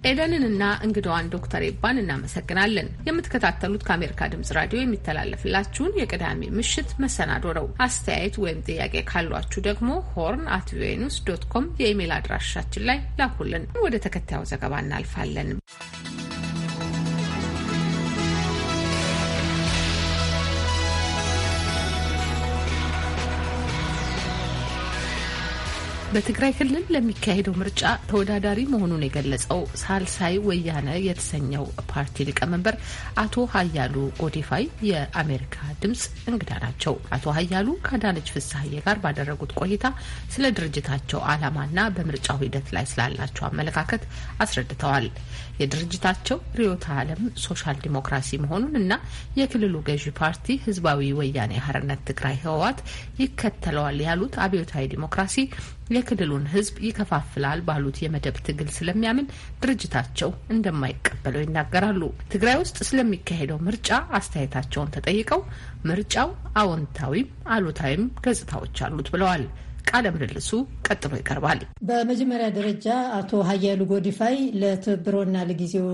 ኤደንንና እንግዳዋን ዶክተር ኤባን እናመሰግናለን። የምትከታተሉት ከአሜሪካ ድምጽ ራዲዮ የሚተላለፍላችሁን የቅዳሜ ምሽት መሰናዶ ነው። አስተያየት ወይም ጥያቄ ካሏችሁ ደግሞ ሆርን አት ቪኦኤ ኒውስ ዶት ኮም የኢሜይል አድራሻችን ላይ ላኩልን። ወደ ተከታዩ ዘገባ እናልፋለን። በትግራይ ክልል ለሚካሄደው ምርጫ ተወዳዳሪ መሆኑን የገለጸው ሳልሳይ ወያነ የተሰኘው ፓርቲ ሊቀመንበር አቶ ሀያሉ ጎዴፋይ የአሜሪካ ድምፅ እንግዳ ናቸው። አቶ ሀያሉ ከአዳነች ፍስሀዬ ጋር ባደረጉት ቆይታ ስለ ድርጅታቸው ዓላማና በምርጫው ሂደት ላይ ስላላቸው አመለካከት አስረድተዋል። የድርጅታቸው ርዕዮተ ዓለም ሶሻል ዲሞክራሲ መሆኑን እና የክልሉ ገዢ ፓርቲ ህዝባዊ ወያኔ ሀርነት ትግራይ ህወሓት ይከተለዋል ያሉት አብዮታዊ ዲሞክራሲ የክልሉን ህዝብ ይከፋፍላል ባሉት የመደብ ትግል ስለሚያምን ድርጅታቸው እንደማይቀበለው ይናገራሉ። ትግራይ ውስጥ ስለሚካሄደው ምርጫ አስተያየታቸውን ተጠይቀው ምርጫው አዎንታዊም አሉታዊም ገጽታዎች አሉት ብለዋል። ቃለ ምልልሱ ቀጥሎ ይቀርባል። በመጀመሪያ ደረጃ አቶ ሀያሉ ጎዲፋይ ለትብብሮና ለጊዜው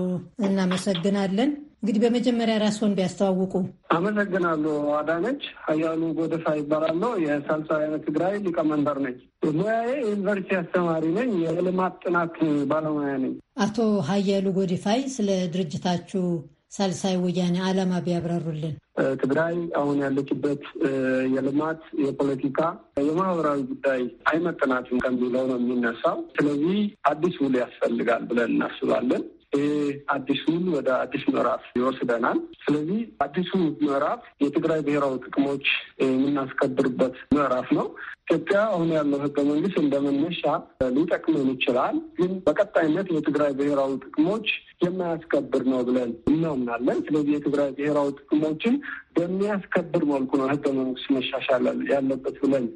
እናመሰግናለን። እንግዲህ በመጀመሪያ ራስዎን ቢያስተዋውቁ። አመሰግናለሁ። አዳነች ሀያሉ ጎደፋ ይባላለሁ። የሳልሳውያን ትግራይ ሊቀመንበር ነኝ። ሙያዬ ዩኒቨርሲቲ አስተማሪ ነኝ። የልማት ጥናት ባለሙያ ነኝ። አቶ ሀያሉ ጎዲፋይ ስለ ድርጅታችሁ ሳልሳይ ወያኔ አላማ ቢያብራሩልን። ትግራይ አሁን ያለችበት የልማት የፖለቲካ፣ የማህበራዊ ጉዳይ አይመጥናትም ከሚለው ነው የሚነሳው። ስለዚህ አዲስ ውል ያስፈልጋል ብለን እናስባለን። ይሄ አዲሱን ወደ አዲስ ምዕራፍ ይወስደናል። ስለዚህ አዲሱ ምዕራፍ የትግራይ ብሔራዊ ጥቅሞች የምናስከብርበት ምዕራፍ ነው። ኢትዮጵያ አሁን ያለው ህገ መንግስት እንደ መነሻ ሊጠቅመን ይችላል፣ ግን በቀጣይነት የትግራይ ብሔራዊ ጥቅሞች የማያስከብር ነው ብለን እናምናለን። ስለዚህ የትግራይ ብሔራዊ ጥቅሞችን በሚያስከብር መልኩ ነው ህገ መንግስት መሻሻል ያለበት ብለን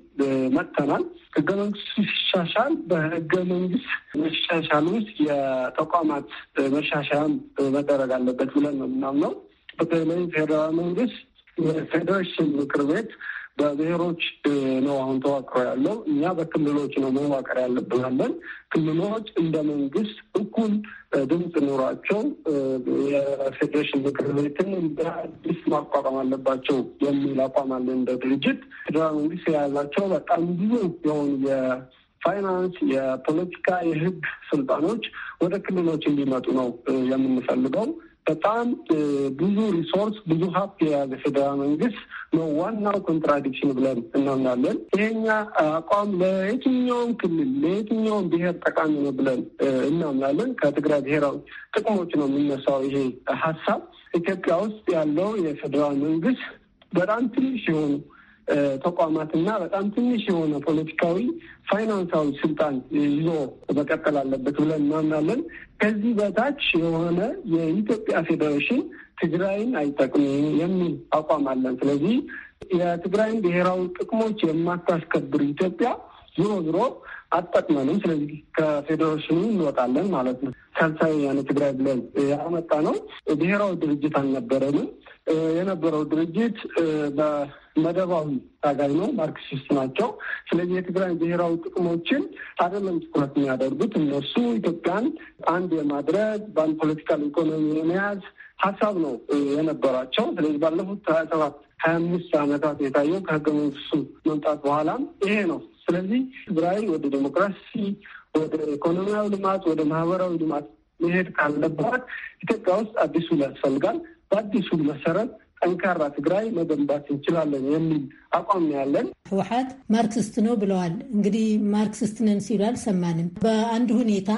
መጥተናል። ህገ መንግስቱ ሲሻሻል በህገ መንግስት መሻሻል ውስጥ የተቋማት መሻሻያም መደረግ አለበት ብለን ነው የምናምነው። በተለይ ፌዴራል መንግስት የፌዴሬሽን ምክር ቤት በብሔሮች ነው አሁን ተዋቅሮ ያለው። እኛ በክልሎች ነው መዋቀር ያለብናለን። ክልሎች እንደ መንግስት እኩል ድምፅ ኑሯቸው የፌዴሬሽን ምክር ቤትን በአዲስ ማቋቋም አለባቸው የሚል አቋም አለ። እንደ ድርጅት ፌዴራል መንግስት የያዛቸው በጣም ብዙ የሆኑ ፋይናንስ፣ የፖለቲካ፣ የህግ ስልጣኖች ወደ ክልሎች እንዲመጡ ነው የምንፈልገው። በጣም ብዙ ሪሶርስ ብዙ ሀብት የያዘ ፌዴራል መንግስት ነው ዋናው ኮንትራዲክሽን ብለን እናምናለን። ይሄኛ አቋም ለየትኛውም ክልል ለየትኛውም ብሔር ጠቃሚ ነው ብለን እናምናለን። ከትግራይ ብሔራዊ ጥቅሞች ነው የሚነሳው ይሄ ሀሳብ። ኢትዮጵያ ውስጥ ያለው የፌዴራል መንግስት በጣም ትንሽ የሆኑ ተቋማትና በጣም ትንሽ የሆነ ፖለቲካዊ፣ ፋይናንሳዊ ስልጣን ይዞ መቀጠል አለበት ብለን እናምናለን። ከዚህ በታች የሆነ የኢትዮጵያ ፌዴሬሽን ትግራይን አይጠቅምም የሚል አቋም አለን። ስለዚህ የትግራይን ብሔራዊ ጥቅሞች የማታስከብር ኢትዮጵያ ዞሮ ዞሮ አጠቅመንም። ስለዚህ ከፌዴሬሽኑ እንወጣለን ማለት ነው። ሳልሳይ ያነ ትግራይ ብለን ያመጣ ነው ብሔራዊ ድርጅት አልነበረንም። የነበረው ድርጅት በመደባዊ ታጋይ ነው፣ ማርክሲስት ናቸው። ስለዚህ የትግራይ ብሔራዊ ጥቅሞችን አይደለም ትኩረት የሚያደርጉት እነሱ ኢትዮጵያን አንድ የማድረግ በአንድ ፖለቲካል ኢኮኖሚ የመያዝ ሀሳብ ነው የነበራቸው። ስለዚህ ባለፉት ሀያ ሰባት ሀያ አምስት ዓመታት የታየው ከህገ መንግስቱ መምጣት በኋላም ይሄ ነው። ስለዚህ ትግራይ ወደ ዴሞክራሲ፣ ወደ ኢኮኖሚያዊ ልማት፣ ወደ ማህበራዊ ልማት መሄድ ካለባት ኢትዮጵያ ውስጥ አዲሱ ያስፈልጋል። በአዲሱ መሰረት ጠንካራ ትግራይ መገንባት እንችላለን የሚል አቋም ያለን። ህወሓት ማርክስት ነው ብለዋል። እንግዲህ ማርክስስት ነን ሲሉ አልሰማንም። በአንድ ሁኔታ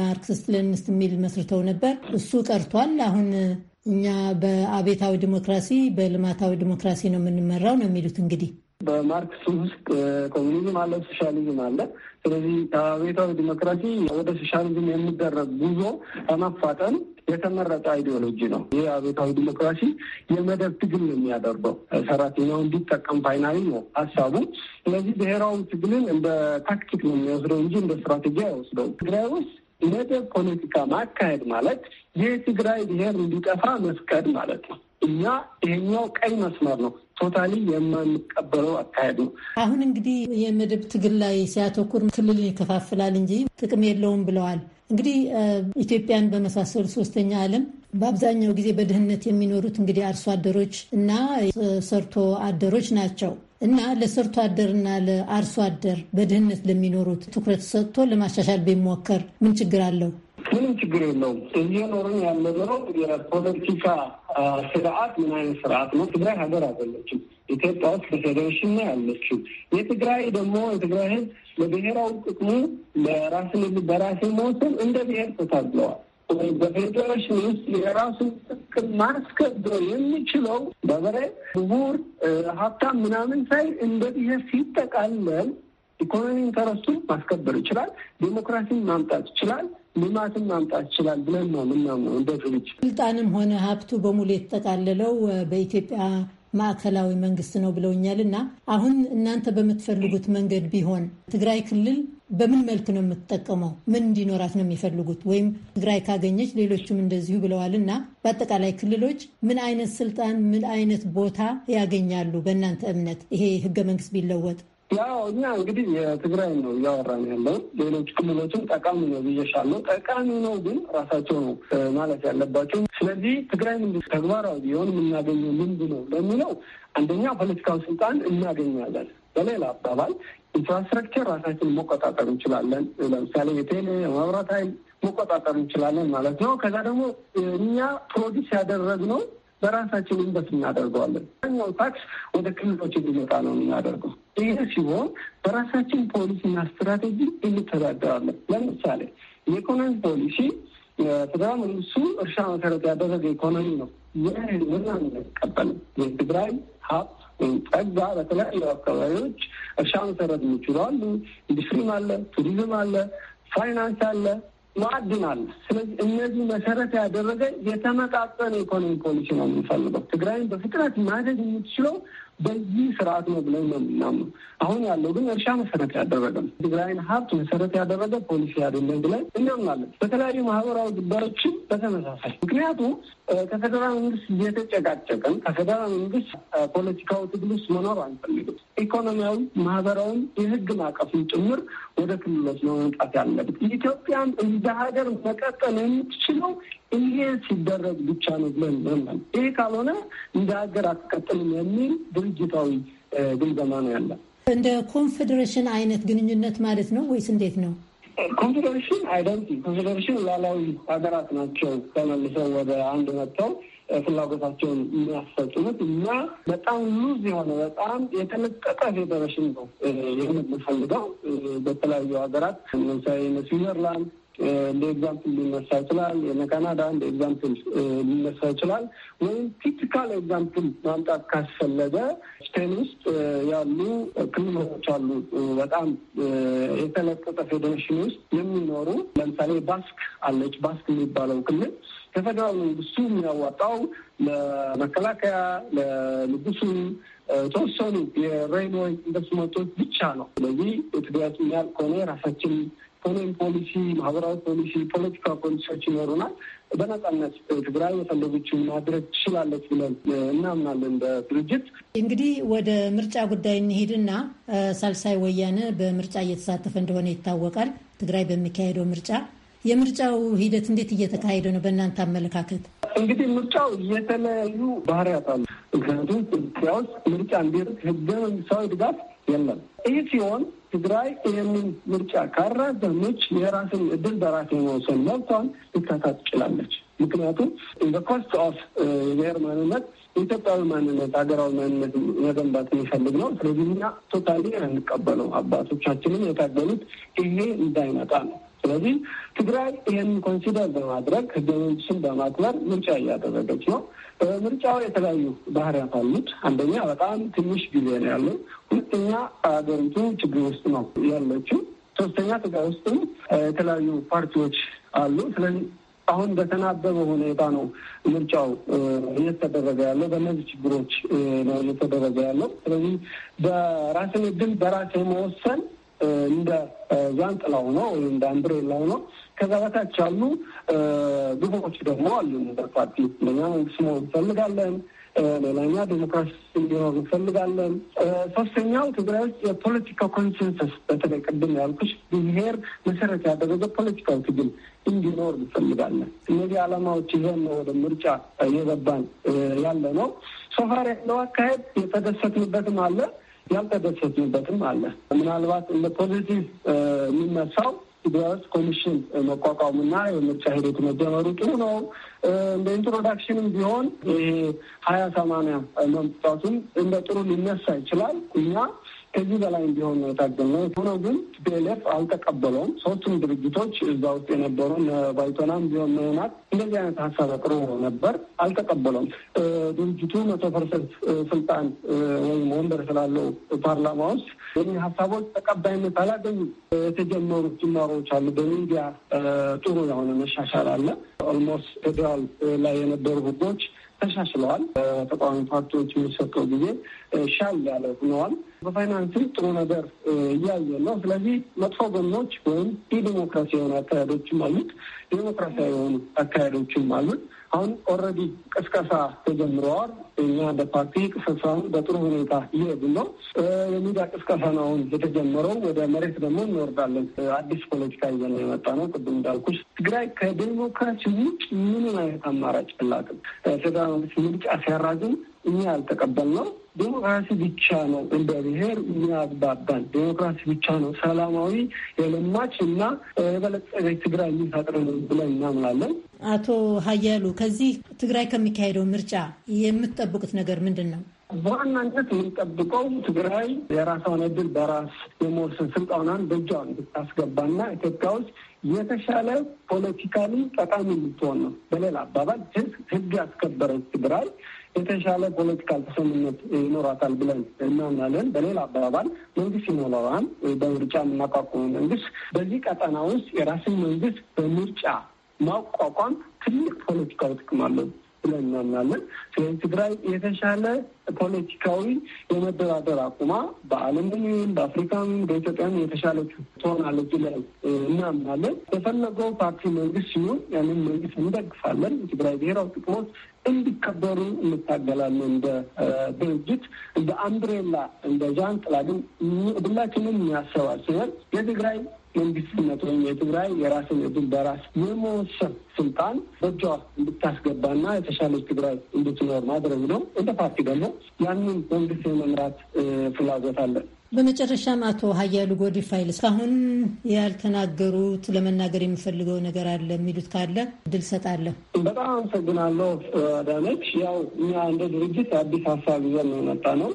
ማርክስስት ለንስት የሚል መስርተው ነበር። እሱ ቀርቷል። አሁን እኛ በአቤታዊ ዲሞክራሲ፣ በልማታዊ ዲሞክራሲ ነው የምንመራው ነው የሚሉት እንግዲህ በማርክስ ውስጥ ኮሚኒዝም አለ፣ ሶሻሊዝም አለ። ስለዚህ አብዮታዊ ዲሞክራሲ ወደ ሶሻሊዝም የሚደረግ ጉዞ ለማፋጠን የተመረጠ አይዲዮሎጂ ነው። ይህ አብዮታዊ ዲሞክራሲ የመደብ ትግል ነው የሚያደርገው፣ ሰራተኛው እንዲጠቀም ፋይናሊ ነው ሀሳቡ። ስለዚህ ብሔራዊ ትግልን እንደ ታክቲክ ነው የሚወስደው እንጂ እንደ ስትራቴጂ አይወስደው። ትግራይ ውስጥ መደብ ፖለቲካ ማካሄድ ማለት የትግራይ ብሔር እንዲጠፋ መስቀድ ማለት ነው። እኛ ይሄኛው ቀይ መስመር ነው ቶታሊ የማንቀበለው አካሄድ ነው። አሁን እንግዲህ የመደብ ትግል ላይ ሲያተኩር ክልልን ይከፋፍላል እንጂ ጥቅም የለውም ብለዋል። እንግዲህ ኢትዮጵያን በመሳሰሉ ሶስተኛ ዓለም በአብዛኛው ጊዜ በድህነት የሚኖሩት እንግዲህ አርሶ አደሮች እና ሰርቶ አደሮች ናቸው እና ለሰርቶ አደርና ለአርሶ አደር በድህነት ለሚኖሩት ትኩረት ሰጥቶ ለማሻሻል ቢሞከር ምን ችግር አለው? ምንም ችግር የለውም። እየኖርን ያለነው የፖለቲካ ስርዓት ምን አይነት ስርዓት ነው? ትግራይ ሀገር አይደለችም። ኢትዮጵያ ውስጥ በፌዴሬሽን ነው ያለችው። የትግራይ ደግሞ የትግራይ ህዝብ ለብሔራዊ ጥቅሙ ለራስን በራሴ መወሰን እንደ ብሔር ተታግለዋል። በፌዴሬሽን ውስጥ የራሱን ጥቅም ማስከበር የሚችለው በበሬ ብቡር ሀብታም ምናምን ሳይ እንደ ብሔር ሲጠቃለል ኢኮኖሚ ኢንተረስቱን ማስከበር ይችላል። ዴሞክራሲን ማምጣት ይችላል። ልማትን ማምጣት ይችላል ብለን ነው ምናምነው። እንደ ትልጅ ስልጣንም ሆነ ሀብቱ በሙሉ የተጠቃለለው በኢትዮጵያ ማዕከላዊ መንግስት ነው ብለውኛል። እና አሁን እናንተ በምትፈልጉት መንገድ ቢሆን ትግራይ ክልል በምን መልክ ነው የምትጠቀመው? ምን እንዲኖራት ነው የሚፈልጉት? ወይም ትግራይ ካገኘች ሌሎችም እንደዚሁ ብለዋል እና በአጠቃላይ ክልሎች ምን አይነት ስልጣን፣ ምን አይነት ቦታ ያገኛሉ? በእናንተ እምነት ይሄ ህገ መንግስት ቢለወጥ ያው እኛ እንግዲህ የትግራይ ነው እያወራን ያለው። ሌሎች ክልሎችም ጠቃሚ ነው ብዬሻለሁ። ጠቃሚ ነው ግን ራሳቸው ነው ማለት ያለባቸው። ስለዚህ ትግራይ ምንድ ተግባራዊ ቢሆን የምናገኘው ልምድ ነው ለሚለው አንደኛ ፖለቲካዊ ስልጣን እናገኛለን። በሌላ አባባል ኢንፍራስትራክቸር ራሳችን መቆጣጠር እንችላለን። ለምሳሌ የቴሌ መብራት ኃይል መቆጣጠር እንችላለን ማለት ነው። ከዛ ደግሞ እኛ ፕሮዲስ ያደረግነው በራሳችን ኢንቨስት እናደርገዋለን። ኛው ታክስ ወደ ክልሎች እንዲመጣ ነው የምናደርገው። ይህ ሲሆን በራሳችን ፖሊሲና ስትራቴጂ እንተዳደራለን። ለምሳሌ የኢኮኖሚ ፖሊሲ የፌደራል መንግስቱ እርሻ መሰረት ያደረገ ኢኮኖሚ ነው። ይህ ምና የትግራይ ሀብት ወይም ጸጋ በተለያዩ አካባቢዎች እርሻ መሰረት የሚችሉ አሉ። ኢንዱስትሪም አለ፣ ቱሪዝም አለ፣ ፋይናንስ አለ፣ ማዕድን አለ። ስለዚህ እነዚህ መሰረት ያደረገ የተመጣጠነ ኢኮኖሚ ፖሊሲ ነው የምንፈልገው። ትግራይን በፍጥነት ማደግ የምትችለው በዚህ ስርዓት ነው ብለን ነው የምናምነው። አሁን ያለው ግን እርሻ መሰረት ያደረገ ነው። ትግራይን ሀብት መሰረት ያደረገ ፖሊሲ አይደለም ብለን እናምናለን። በተለያዩ ማህበራዊ ጉዳዮችም በተመሳሳይ ምክንያቱም ከፌደራል መንግስት እየተጨቃጨቀን ከፌደራል መንግስት ፖለቲካዊ ትግል ውስጥ መኖር አንፈልግም። ኢኮኖሚያዊ፣ ማህበራዊ የህግ ማዕቀፍን ጭምር ወደ ክልሎች ነው መምጣት ያለበት። ኢትዮጵያን እንደ ሀገር መቀጠል የምትችለው ይሄ ሲደረግ ብቻ ነው ብለን ይሆናል። ይሄ ካልሆነ እንደ ሀገር አትቀጥልም የሚል ድርጅታዊ ግምገማ ነው ያለ። እንደ ኮንፌዴሬሽን አይነት ግንኙነት ማለት ነው ወይስ እንዴት ነው? ኮንፌዴሬሽን አይደንቲ ኮንፌዴሬሽን ላላዊ ሀገራት ናቸው ተመልሰው ወደ አንድ መጥተው ፍላጎታቸውን የሚያስፈጽሙት እና በጣም ሉዝ የሆነ በጣም የተለጠጠ ፌዴሬሽን ነው የምንፈልገው። በተለያዩ ሀገራት ለምሳሌ ስዊዘርላንድ እንደ ኤግዛምፕል ሊነሳ ይችላል። የነ ካናዳ እንደ ኤግዛምፕል ሊነሳ ይችላል። ወይም ቲፒካል ኤግዛምፕል ማምጣት ካስፈለገ ስፔን ውስጥ ያሉ ክልሎች አሉ። በጣም የተለቀጠ ፌዴሬሽን ውስጥ የሚኖሩ ለምሳሌ ባስክ አለች። ባስክ የሚባለው ክልል ከፌደራል መንግስቱ የሚያዋጣው ለመከላከያ ለንጉሱ የተወሰኑ የሬልዌይ ኢንቨስትመንቶች ብቻ ነው። ስለዚህ የትግራያት ያል ከሆነ የራሳችን ኢኮኖሚ ፖሊሲ፣ ማህበራዊ ፖሊሲ፣ ፖለቲካ ፖሊሲዎች ይኖሩናል። በነጻነት ትግራይ የፈለገችውን ማድረግ ትችላለች ብለን እናምናለን። በድርጅት እንግዲህ ወደ ምርጫ ጉዳይ እንሄድና ሳልሳይ ወያነ በምርጫ እየተሳተፈ እንደሆነ ይታወቃል። ትግራይ በሚካሄደው ምርጫ የምርጫው ሂደት እንዴት እየተካሄደ ነው በእናንተ አመለካከት? እንግዲህ ምርጫው የተለያዩ ባህሪያት አሉ። ምክንያቱም ኢትዮጵያ ውስጥ ምርጫ እንዲርቅ ህገ መንግስታዊ ድጋፍ የለም። ይህ ሲሆን ትግራይ ይህንን ምርጫ ካራዘመች የራስን እድል በራስ የመወሰን መብቷን ልታሳት ትችላለች። ምክንያቱም ኢንደ ኮስት ኦፍ የብሔር ማንነት የኢትዮጵያዊ ማንነት ሀገራዊ ማንነት መገንባት የሚፈልግ ነው። ስለዚህ እኛ ቶታሊ አንቀበለው። አባቶቻችንም የታገሉት ይሄ እንዳይመጣ ነው። ስለዚህ ትግራይ ይህን ኮንሲደር በማድረግ ህገ መንግስቱን በማክበር ምርጫ እያደረገች ነው። ምርጫው የተለያዩ ባህሪያት አሉት። አንደኛ በጣም ትንሽ ጊዜ ነው ያለው። ሁለተኛ አገሪቱ ችግር ውስጥ ነው ያለችው። ሶስተኛ ትግራይ ውስጥም የተለያዩ ፓርቲዎች አሉ። ስለዚህ አሁን በተናበበ ሁኔታ ነው ምርጫው እየተደረገ ያለው። በእነዚህ ችግሮች ነው እየተደረገ ያለው። ስለዚህ በራስን እድል በራስ መወሰን እንደ ዣንጥላ ሆኖ ወይም እንደ አንድሬላ ሆኖ ከዛ በታች ያሉ ግቦች ደግሞ አሉ። እንደ ፓርቲ እንደኛ መንግስት መሆን እንፈልጋለን። ሌላኛ ዴሞክራሲ እንዲኖር እንፈልጋለን። ሶስተኛው ትግራይ ውስጥ የፖለቲካ ኮንሰንሰስ በተለይ ቅድም ያልኩሽ ብሄር መሰረት ያደረገ ፖለቲካዊ ትግል እንዲኖር እንፈልጋለን። እነዚህ ዓላማዎች ይዘን ወደ ምርጫ እየገባን ያለ ነው። ሶፋር ያለው አካሄድ የተደሰትንበትም አለ ያልተደሰትንበትም አለ። ምናልባት ፖዚቲቭ የሚነሳው ድረስ ኮሚሽን መቋቋሙና የምርጫ ሂደት መጀመሩ ጥሩ ነው። እንደ ኢንትሮዳክሽንም ቢሆን ይሄ ሀያ ሰማንያ መምጣቱን እንደ ጥሩ ሊነሳ ይችላል። እኛ ከዚህ በላይ እንዲሆን ነው ታገመ ሆኖ ግን ፒኤልኤፍ አልተቀበለውም። ሶስቱም ድርጅቶች እዛ ውስጥ የነበሩ ባይቶናም ቢሆን መሆናት እንደዚህ አይነት ሀሳብ አቅርቦ ነበር፣ አልተቀበለውም። ድርጅቱ መቶ ፐርሰንት ስልጣን ወይም ወንበር ስላለው ፓርላማ ውስጥ የእኛ ሀሳቦች ተቀባይነት አላገኙ። የተጀመሩ ጅማሮዎች አሉ። በሚዲያ ጥሩ የሆነ መሻሻል አለ። ኦልሞስት ፌዴራል ላይ የነበሩ ህጎች ተሻሽለዋል። ተቃዋሚ ፓርቲዎች የሚሰጠው ጊዜ ሻል ያለ ሆነዋል። በፋይናንስ ጥሩ ነገር እያየ ነው። ስለዚህ መጥፎ ጎኖች ወይም ኢ ዲሞክራሲ የሆኑ አካሄዶችም አሉት፣ ዲሞክራሲያዊ የሆኑ አካሄዶችም አሉት። አሁን ኦልሬዲ ቅስቀሳ ተጀምረዋል። እኛ እንደ ፓርቲ ቅስቀሳውን በጥሩ ሁኔታ እየሄድን ነው። የሚዲያ ቅስቀሳ ነው አሁን የተጀመረው። ወደ መሬት ደግሞ እንወርዳለን። አዲስ ፖለቲካ ይዘን የመጣ ነው። ቅድም እንዳልኩሽ ትግራይ ከዴሞክራሲ ውጭ ምንም አይነት አማራጭ አላውቅም። ፌደራል መንግስት ምርጫ ሲያራዝም እኛ ያልተቀበልነው ዴሞክራሲ ብቻ ነው እንደ ብሔር የሚያግባባን። ዴሞክራሲ ብቻ ነው ሰላማዊ የለማች እና የበለጸገ ትግራይ የሚፈጥር ብለን እናምናለን። አቶ ሀያሉ ከዚህ ትግራይ ከሚካሄደው ምርጫ የምትጠብቁት ነገር ምንድን ነው? በዋናነት የምንጠብቀው ትግራይ የራሷን እድል በራስ የመወሰን ስልጣኗን በእጇ እንድታስገባና ኢትዮጵያ ውስጥ የተሻለ ፖለቲካሊ ጠቃሚ የምትሆን ነው። በሌላ አባባል ህግ ያስከበረች ትግራይ የተሻለ ፖለቲካል ተሰምነት ይኖራታል ብለን እናምናለን። በሌላ አባባል መንግስት ይኖረዋል። በምርጫ የምናቋቁመው መንግስት በዚህ ቀጠና ውስጥ የራስን መንግስት በምርጫ ማቋቋም ትልቅ ፖለቲካዊ ጥቅም አለው ብለን እናምናለን። ስለዚህ ትግራይ የተሻለ ፖለቲካዊ የመደራደር አቁማ በዓለም ይሁን በአፍሪካም በኢትዮጵያም የተሻለች ትሆናለች ብለን እናምናለን። የፈለገው ፓርቲ መንግስት ሲሆን ያንን መንግስት እንደግፋለን። ትግራይ ብሔራዊ ጥቅሞች እንዲከበሩ እንታገላለን። እንደ ድርጅት እንደ አምብሬላ እንደ ዣንጥላ ግን ሁላችንም ያሰባስበን የትግራይ መንግስትነት ወይም የትግራይ የራስን እድል በራስ የመወሰን ስልጣን በእጇ እንድታስገባና የተሻለች ትግራይ እንድትኖር ማድረግ ነው። እንደ ፓርቲ ደግሞ ያንን መንግስት የመምራት ፍላጎት አለን። በመጨረሻም አቶ ሀያሉ ጎዲፋይል እስካሁን ያልተናገሩት ለመናገር የሚፈልገው ነገር አለ የሚሉት ካለ እድል ሰጣለሁ። በጣም አመሰግናለሁ አዳነች። ያው እኛ እንደ ድርጅት አዲስ ሀሳብ ይዘን ነው የመጣ ነው።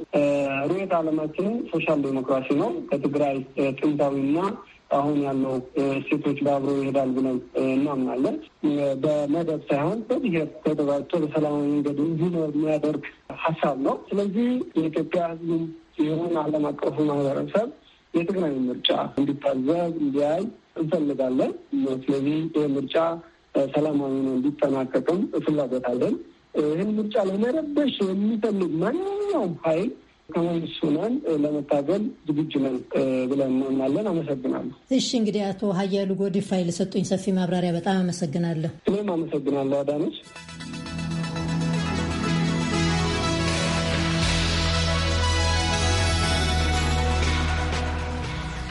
ሩዌት አለማችንም ሶሻል ዴሞክራሲ ነው። ከትግራይ ጥንታዊና አሁን ያለው ሴቶች በአብሮ ይሄዳል ብለን እናምናለን። በመደብ ሳይሆን በብሔር ተደራጅቶ በሰላማዊ መንገድ እንዲኖር የሚያደርግ ሀሳብ ነው። ስለዚህ የኢትዮጵያ ሕዝብ ይሁን ዓለም አቀፉ ማህበረሰብ የትግራይ ምርጫ እንዲታዘብ እንዲያይ እንፈልጋለን። ስለዚህ ይህ ምርጫ ሰላማዊ ነው እንዲጠናቀቅም ፍላጎት አለን። ይህን ምርጫ ለመረበሽ የሚፈልግ ማንኛውም ኃይል ከመንግስት ለመታገል ዝግጁ ነን ብለን እናምናለን። አመሰግናለሁ። እሺ እንግዲህ አቶ ሀያሉ ጎዲፋ ለሰጡኝ ሰፊ ማብራሪያ በጣም አመሰግናለሁ። እኔም አመሰግናለሁ አዳነች።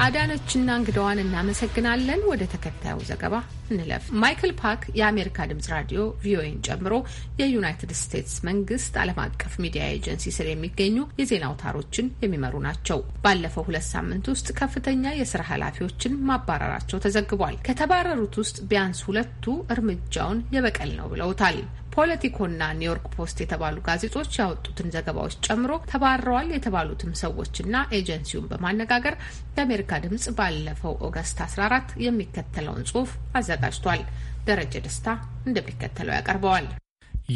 አዳነችና እንግዳዋን እናመሰግናለን። ወደ ተከታዩ ዘገባ እንለፍ። ማይክል ፓክ የአሜሪካ ድምጽ ራዲዮ ቪኦኤን ጨምሮ የዩናይትድ ስቴትስ መንግስት ዓለም አቀፍ ሚዲያ ኤጀንሲ ስር የሚገኙ የዜና አውታሮችን የሚመሩ ናቸው። ባለፈው ሁለት ሳምንት ውስጥ ከፍተኛ የስራ ኃላፊዎችን ማባረራቸው ተዘግቧል። ከተባረሩት ውስጥ ቢያንስ ሁለቱ እርምጃውን የበቀል ነው ብለውታል። ፖለቲኮና ኒውዮርክ ፖስት የተባሉ ጋዜጦች ያወጡትን ዘገባዎች ጨምሮ ተባረዋል የተባሉትም ሰዎችና ኤጀንሲውን በማነጋገር የአሜሪካ ድምጽ ባለፈው ኦገስት 14 የሚከተለውን ጽሑፍ አዘጋጅቷል። ደረጀ ደስታ እንደሚከተለው ያቀርበዋል።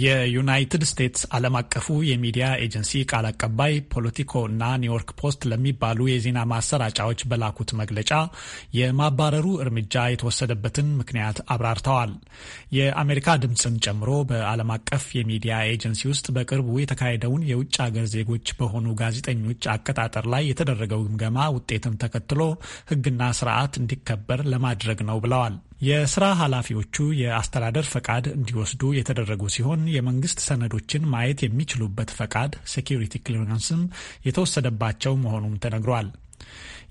የዩናይትድ ስቴትስ ዓለም አቀፉ የሚዲያ ኤጀንሲ ቃል አቀባይ ፖለቲኮ እና ኒውዮርክ ፖስት ለሚባሉ የዜና ማሰራጫዎች በላኩት መግለጫ የማባረሩ እርምጃ የተወሰደበትን ምክንያት አብራርተዋል። የአሜሪካ ድምፅን ጨምሮ በዓለም አቀፍ የሚዲያ ኤጀንሲ ውስጥ በቅርቡ የተካሄደውን የውጭ አገር ዜጎች በሆኑ ጋዜጠኞች አቀጣጠር ላይ የተደረገው ግምገማ ውጤትን ተከትሎ ሕግና ስርዓት እንዲከበር ለማድረግ ነው ብለዋል። የስራ ኃላፊዎቹ የአስተዳደር ፈቃድ እንዲወስዱ የተደረጉ ሲሆን የመንግስት ሰነዶችን ማየት የሚችሉበት ፈቃድ ሴኪሪቲ ክሊራንስም የተወሰደባቸው መሆኑም ተነግሯል።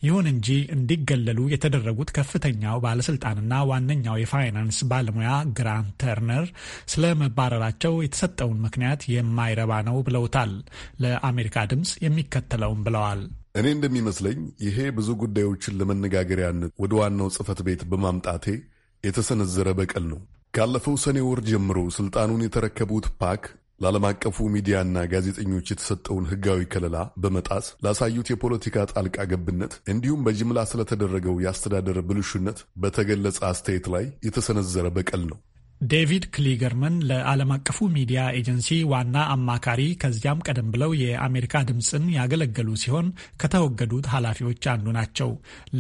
ይሁን እንጂ እንዲገለሉ የተደረጉት ከፍተኛው ባለስልጣንና ዋነኛው የፋይናንስ ባለሙያ ግራንት ተርነር ስለ መባረራቸው የተሰጠውን ምክንያት የማይረባ ነው ብለውታል። ለአሜሪካ ድምፅ የሚከተለውን ብለዋል። እኔ እንደሚመስለኝ ይሄ ብዙ ጉዳዮችን ለመነጋገሪያነት ወደ ዋናው ጽህፈት ቤት በማምጣቴ የተሰነዘረ በቀል ነው። ካለፈው ሰኔ ወር ጀምሮ ስልጣኑን የተረከቡት ፓክ ለዓለም አቀፉ ሚዲያና ጋዜጠኞች የተሰጠውን ሕጋዊ ከለላ በመጣስ ላሳዩት የፖለቲካ ጣልቃ ገብነት እንዲሁም በጅምላ ስለተደረገው የአስተዳደር ብልሹነት በተገለጸ አስተያየት ላይ የተሰነዘረ በቀል ነው። ዴቪድ ክሊገርመን ለዓለም አቀፉ ሚዲያ ኤጀንሲ ዋና አማካሪ ከዚያም ቀደም ብለው የአሜሪካ ድምፅን ያገለገሉ ሲሆን ከተወገዱት ኃላፊዎች አንዱ ናቸው።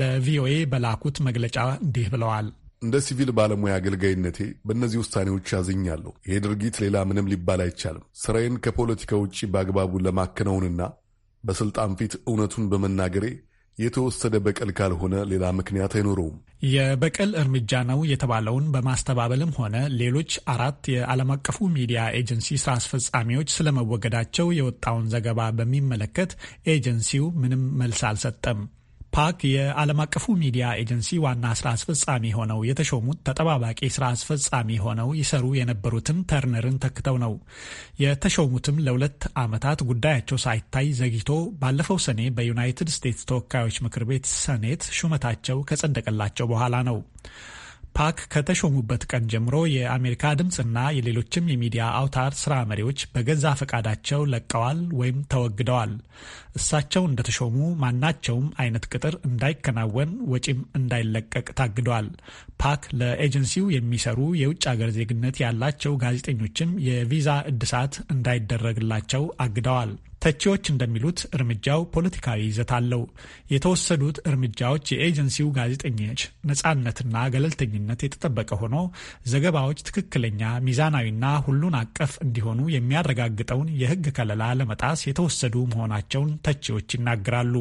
ለቪኦኤ በላኩት መግለጫ እንዲህ ብለዋል። እንደ ሲቪል ባለሙያ አገልጋይነቴ በእነዚህ ውሳኔዎች ያዝኛለሁ። ይሄ ድርጊት ሌላ ምንም ሊባል አይቻልም። ስራዬን ከፖለቲካ ውጭ በአግባቡ ለማከናወንና በስልጣን ፊት እውነቱን በመናገሬ የተወሰደ በቀል ካልሆነ ሌላ ምክንያት አይኖረውም። የበቀል እርምጃ ነው የተባለውን በማስተባበልም ሆነ ሌሎች አራት የዓለም አቀፉ ሚዲያ ኤጀንሲ ስራ አስፈጻሚዎች ስለመወገዳቸው የወጣውን ዘገባ በሚመለከት ኤጀንሲው ምንም መልስ አልሰጠም። ፓክ የዓለም አቀፉ ሚዲያ ኤጀንሲ ዋና ስራ አስፈጻሚ ሆነው የተሾሙት ተጠባባቂ ስራ አስፈጻሚ ሆነው ይሰሩ የነበሩትን ተርነርን ተክተው ነው። የተሾሙትም ለሁለት ዓመታት ጉዳያቸው ሳይታይ ዘግይቶ ባለፈው ሰኔ በዩናይትድ ስቴትስ ተወካዮች ምክር ቤት ሰኔት ሹመታቸው ከጸደቀላቸው በኋላ ነው። ፓክ ከተሾሙበት ቀን ጀምሮ የአሜሪካ ድምፅና የሌሎችም የሚዲያ አውታር ስራ መሪዎች በገዛ ፈቃዳቸው ለቀዋል ወይም ተወግደዋል። እሳቸው እንደተሾሙ ማናቸውም አይነት ቅጥር እንዳይከናወን፣ ወጪም እንዳይለቀቅ ታግደዋል። ፓክ ለኤጀንሲው የሚሰሩ የውጭ አገር ዜግነት ያላቸው ጋዜጠኞችም የቪዛ እድሳት እንዳይደረግላቸው አግደዋል። ተቺዎች እንደሚሉት እርምጃው ፖለቲካዊ ይዘት አለው። የተወሰዱት እርምጃዎች የኤጀንሲው ጋዜጠኞች ነጻነትና ገለልተኝነት የተጠበቀ ሆኖ ዘገባዎች ትክክለኛ፣ ሚዛናዊና ሁሉን አቀፍ እንዲሆኑ የሚያረጋግጠውን የሕግ ከለላ ለመጣስ የተወሰዱ መሆናቸውን ተቺዎች ይናገራሉ።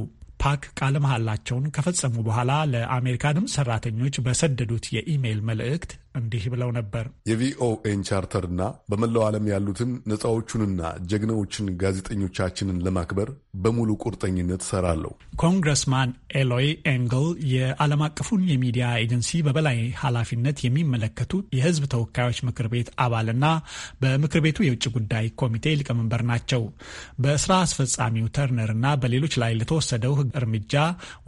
ፓክ ቃለ መሐላቸውን ከፈጸሙ በኋላ ለአሜሪካ ድምፅ ሰራተኞች በሰደዱት የኢሜይል መልእክት እንዲህ ብለው ነበር። የቪኦኤን ቻርተርና በመላው ዓለም ያሉትን ነፃዎቹንና ጀግናዎችን ጋዜጠኞቻችንን ለማክበር በሙሉ ቁርጠኝነት ሰራለሁ። ኮንግረስማን ኤሎይ ኤንግል የዓለም አቀፉን የሚዲያ ኤጀንሲ በበላይ ኃላፊነት የሚመለከቱ የሕዝብ ተወካዮች ምክር ቤት አባልና በምክር ቤቱ የውጭ ጉዳይ ኮሚቴ ሊቀመንበር ናቸው። በስራ አስፈጻሚው ተርነርና በሌሎች ላይ ለተወሰደው እርምጃ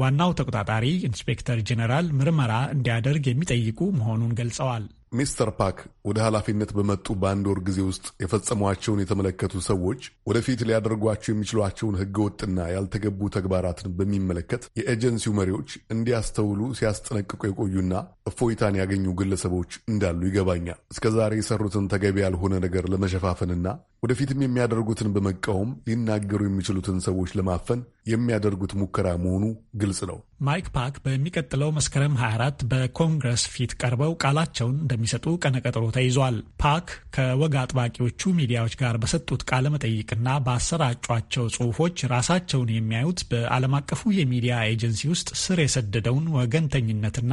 ዋናው ተቆጣጣሪ ኢንስፔክተር ጄኔራል ምርመራ እንዲያደርግ የሚጠይቁ መሆኑን ገልጸዋል። ሚስተር ፓክ ወደ ኃላፊነት በመጡ በአንድ ወር ጊዜ ውስጥ የፈጸሟቸውን የተመለከቱ ሰዎች ወደፊት ሊያደርጓቸው የሚችሏቸውን ሕገወጥና ያልተገቡ ተግባራትን በሚመለከት የኤጀንሲው መሪዎች እንዲያስተውሉ ሲያስጠነቅቁ የቆዩና እፎይታን ያገኙ ግለሰቦች እንዳሉ ይገባኛል። እስከዛሬ የሰሩትን ተገቢ ያልሆነ ነገር ለመሸፋፈንና ወደፊትም የሚያደርጉትን በመቃወም ሊናገሩ የሚችሉትን ሰዎች ለማፈን የሚያደርጉት ሙከራ መሆኑ ግልጽ ነው። ማይክ ፓክ በሚቀጥለው መስከረም 24 በኮንግረስ ፊት ቀርበው ቃላቸውን እንደሚሰጡ ቀነቀጠሮ ተይዟል። ፓክ ከወግ አጥባቂዎቹ ሚዲያዎች ጋር በሰጡት ቃለ መጠይቅና በአሰራጯቸው ጽሑፎች ራሳቸውን የሚያዩት በዓለም አቀፉ የሚዲያ ኤጀንሲ ውስጥ ስር የሰደደውን ወገንተኝነትና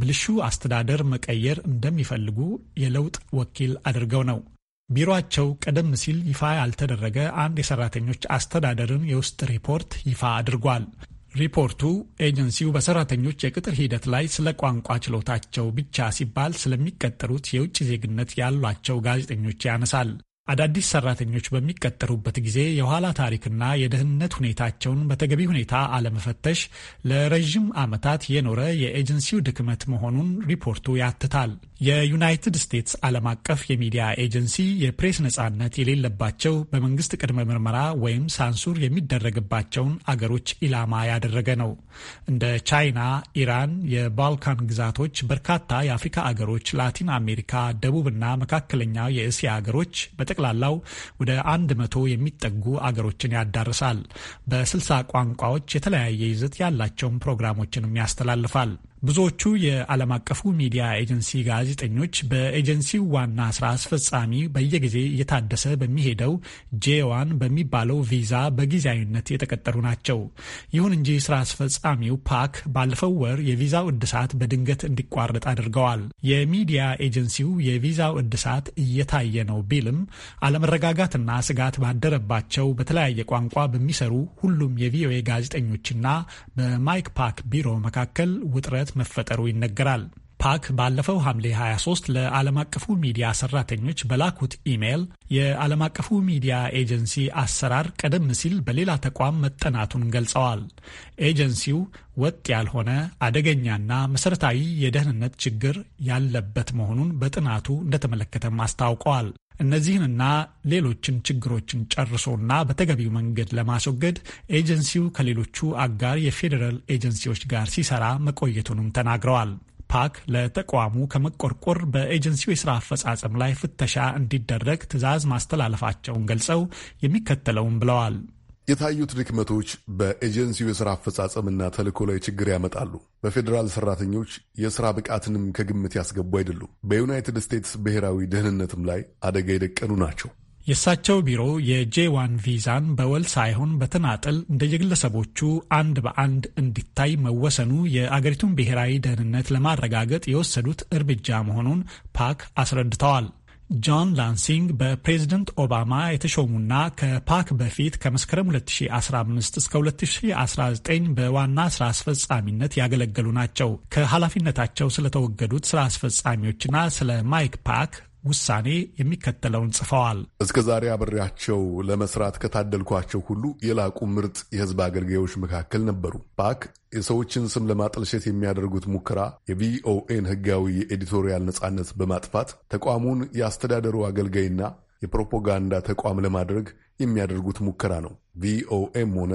ብልሹ አስተዳደር መቀየር እንደሚፈልጉ የለውጥ ወኪል አድርገው ነው። ቢሮአቸው ቀደም ሲል ይፋ ያልተደረገ አንድ የሰራተኞች አስተዳደርን የውስጥ ሪፖርት ይፋ አድርጓል። ሪፖርቱ ኤጀንሲው በሰራተኞች የቅጥር ሂደት ላይ ስለ ቋንቋ ችሎታቸው ብቻ ሲባል ስለሚቀጠሩት የውጭ ዜግነት ያሏቸው ጋዜጠኞች ያነሳል። አዳዲስ ሰራተኞች በሚቀጠሩበት ጊዜ የኋላ ታሪክና የደህንነት ሁኔታቸውን በተገቢ ሁኔታ አለመፈተሽ ለረዥም ዓመታት የኖረ የኤጀንሲው ድክመት መሆኑን ሪፖርቱ ያትታል። የዩናይትድ ስቴትስ ዓለም አቀፍ የሚዲያ ኤጀንሲ የፕሬስ ነጻነት የሌለባቸው በመንግስት ቅድመ ምርመራ ወይም ሳንሱር የሚደረግባቸውን አገሮች ኢላማ ያደረገ ነው። እንደ ቻይና፣ ኢራን፣ የባልካን ግዛቶች፣ በርካታ የአፍሪካ አገሮች፣ ላቲን አሜሪካ፣ ደቡብና መካከለኛ የእስያ አገሮች በጠ በጠቅላላው ወደ አንድ መቶ የሚጠጉ አገሮችን ያዳርሳል። በስልሳ ቋንቋዎች የተለያየ ይዘት ያላቸውን ፕሮግራሞችንም ያስተላልፋል። ብዙዎቹ የዓለም አቀፉ ሚዲያ ኤጀንሲ ጋዜጠኞች በኤጀንሲው ዋና ስራ አስፈጻሚ በየጊዜ እየታደሰ በሚሄደው ጄዋን በሚባለው ቪዛ በጊዜያዊነት የተቀጠሩ ናቸው። ይሁን እንጂ ስራ አስፈጻሚው ፓክ ባለፈው ወር የቪዛው እድሳት በድንገት እንዲቋረጥ አድርገዋል። የሚዲያ ኤጀንሲው የቪዛው እድሳት እየታየ ነው ቢልም አለመረጋጋትና ስጋት ባደረባቸው በተለያየ ቋንቋ በሚሰሩ ሁሉም የቪኦኤ ጋዜጠኞችና በማይክ ፓክ ቢሮ መካከል ውጥረት መፈጠሩ ይነገራል። ፓክ ባለፈው ሐምሌ 23 ለዓለም አቀፉ ሚዲያ ሰራተኞች በላኩት ኢሜይል የዓለም አቀፉ ሚዲያ ኤጀንሲ አሰራር ቀደም ሲል በሌላ ተቋም መጠናቱን ገልጸዋል። ኤጀንሲው ወጥ ያልሆነ አደገኛና መሠረታዊ የደህንነት ችግር ያለበት መሆኑን በጥናቱ እንደተመለከተም አስታውቀዋል። እነዚህንና ሌሎችን ችግሮችን ጨርሶና በተገቢው መንገድ ለማስወገድ ኤጀንሲው ከሌሎቹ አጋር የፌዴራል ኤጀንሲዎች ጋር ሲሰራ መቆየቱንም ተናግረዋል። ፓክ ለተቋሙ ከመቆርቆር በኤጀንሲው የስራ አፈጻጸም ላይ ፍተሻ እንዲደረግ ትዕዛዝ ማስተላለፋቸውን ገልጸው የሚከተለውን ብለዋል። የታዩት ድክመቶች በኤጀንሲው የሥራ አፈጻጸምና ተልእኮ ላይ ችግር ያመጣሉ። በፌዴራል ሠራተኞች የሥራ ብቃትንም ከግምት ያስገቡ አይደሉም። በዩናይትድ ስቴትስ ብሔራዊ ደህንነትም ላይ አደጋ የደቀኑ ናቸው። የእሳቸው ቢሮ የጄዋን ቪዛን በወል ሳይሆን በተናጠል እንደ የግለሰቦቹ አንድ በአንድ እንዲታይ መወሰኑ የአገሪቱን ብሔራዊ ደህንነት ለማረጋገጥ የወሰዱት እርምጃ መሆኑን ፓክ አስረድተዋል። ጆን ላንሲንግ በፕሬዝደንት ኦባማ የተሾሙና ከፓክ በፊት ከመስከረም 2015 እስከ 2019 በዋና ስራ አስፈጻሚነት ያገለገሉ ናቸው። ከኃላፊነታቸው ስለተወገዱት ስራ አስፈጻሚዎችና ስለ ማይክ ፓክ ውሳኔ የሚከተለውን ጽፈዋል። እስከ ዛሬ አብሬያቸው ለመስራት ከታደልኳቸው ሁሉ የላቁ ምርጥ የህዝብ አገልጋዮች መካከል ነበሩ። ፓክ የሰዎችን ስም ለማጠልሸት የሚያደርጉት ሙከራ የቪኦኤን ህጋዊ የኤዲቶሪያል ነጻነት በማጥፋት ተቋሙን የአስተዳደሩ አገልጋይና የፕሮፓጋንዳ ተቋም ለማድረግ የሚያደርጉት ሙከራ ነው። ቪኦኤም ሆነ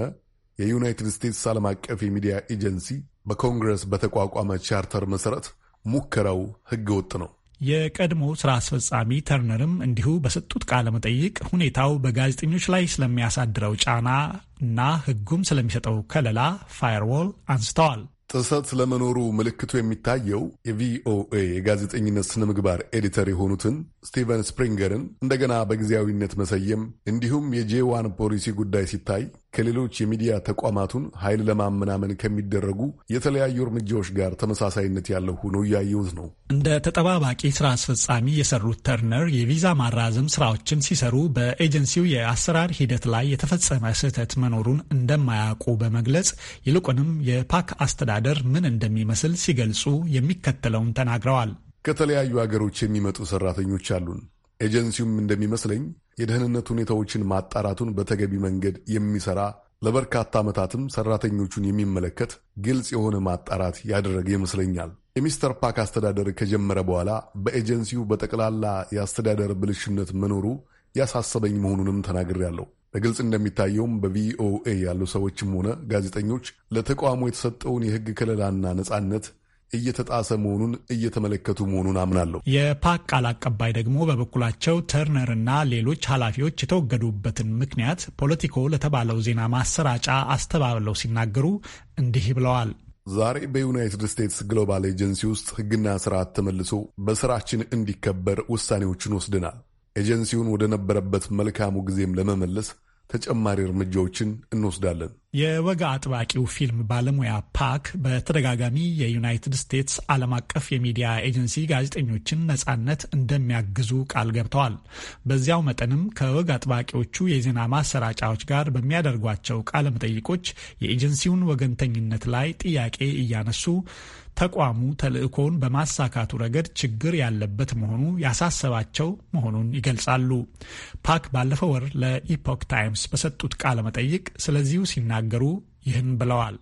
የዩናይትድ ስቴትስ ዓለም አቀፍ የሚዲያ ኤጀንሲ በኮንግረስ በተቋቋመ ቻርተር መሠረት ሙከራው ህገወጥ ነው። የቀድሞ ስራ አስፈጻሚ ተርነርም እንዲሁ በሰጡት ቃለ መጠይቅ ሁኔታው በጋዜጠኞች ላይ ስለሚያሳድረው ጫና እና ሕጉም ስለሚሰጠው ከለላ ፋየርዎል አንስተዋል። ጥሰት ስለመኖሩ ምልክቱ የሚታየው የቪኦኤ የጋዜጠኝነት ስነ ምግባር ኤዲተር የሆኑትን ስቲቨን ስፕሪንገርን እንደገና በጊዜያዊነት መሰየም እንዲሁም የጄዋን ፖሊሲ ጉዳይ ሲታይ ከሌሎች የሚዲያ ተቋማቱን ኃይል ለማመናመን ከሚደረጉ የተለያዩ እርምጃዎች ጋር ተመሳሳይነት ያለው ሆኖ እያየሁት ነው። እንደ ተጠባባቂ ስራ አስፈጻሚ የሰሩት ተርነር የቪዛ ማራዘም ስራዎችን ሲሰሩ በኤጀንሲው የአሰራር ሂደት ላይ የተፈጸመ ስህተት መኖሩን እንደማያውቁ በመግለጽ ይልቁንም የፓክ አስተዳደር ምን እንደሚመስል ሲገልጹ የሚከተለውን ተናግረዋል። ከተለያዩ ሀገሮች የሚመጡ ሰራተኞች አሉን። ኤጀንሲውም እንደሚመስለኝ የደህንነት ሁኔታዎችን ማጣራቱን በተገቢ መንገድ የሚሰራ ለበርካታ ዓመታትም ሰራተኞቹን የሚመለከት ግልጽ የሆነ ማጣራት ያደረገ ይመስለኛል። የሚስተር ፓክ አስተዳደር ከጀመረ በኋላ በኤጀንሲው በጠቅላላ የአስተዳደር ብልሽነት መኖሩ ያሳሰበኝ መሆኑንም ተናግሬያለሁ። በግልጽ እንደሚታየውም በቪኦኤ ያሉ ሰዎችም ሆነ ጋዜጠኞች ለተቋሙ የተሰጠውን የሕግ ከለላና ነጻነት እየተጣሰ መሆኑን እየተመለከቱ መሆኑን አምናለሁ። የፓክ ቃል አቀባይ ደግሞ በበኩላቸው ተርነርና ሌሎች ኃላፊዎች የተወገዱበትን ምክንያት ፖለቲኮ ለተባለው ዜና ማሰራጫ አስተባብለው ሲናገሩ እንዲህ ብለዋል። ዛሬ በዩናይትድ ስቴትስ ግሎባል ኤጀንሲ ውስጥ ሕግና ስርዓት ተመልሶ በስራችን እንዲከበር ውሳኔዎችን ወስደናል። ኤጀንሲውን ወደ ነበረበት መልካሙ ጊዜም ለመመለስ ተጨማሪ እርምጃዎችን እንወስዳለን። የወግ አጥባቂው ፊልም ባለሙያ ፓክ በተደጋጋሚ የዩናይትድ ስቴትስ ዓለም አቀፍ የሚዲያ ኤጀንሲ ጋዜጠኞችን ነጻነት እንደሚያግዙ ቃል ገብተዋል። በዚያው መጠንም ከወግ አጥባቂዎቹ የዜና ማሰራጫዎች ጋር በሚያደርጓቸው ቃለ መጠይቆች የኤጀንሲውን ወገንተኝነት ላይ ጥያቄ እያነሱ ተቋሙ ተልእኮውን በማሳካቱ ረገድ ችግር ያለበት መሆኑ ያሳሰባቸው መሆኑን ይገልጻሉ። ፓክ ባለፈው ወር ለኢፖክ ታይምስ በሰጡት ቃለ መጠይቅ ስለዚሁ ሲናገ ሲናገሩ ይህን ብለዋል።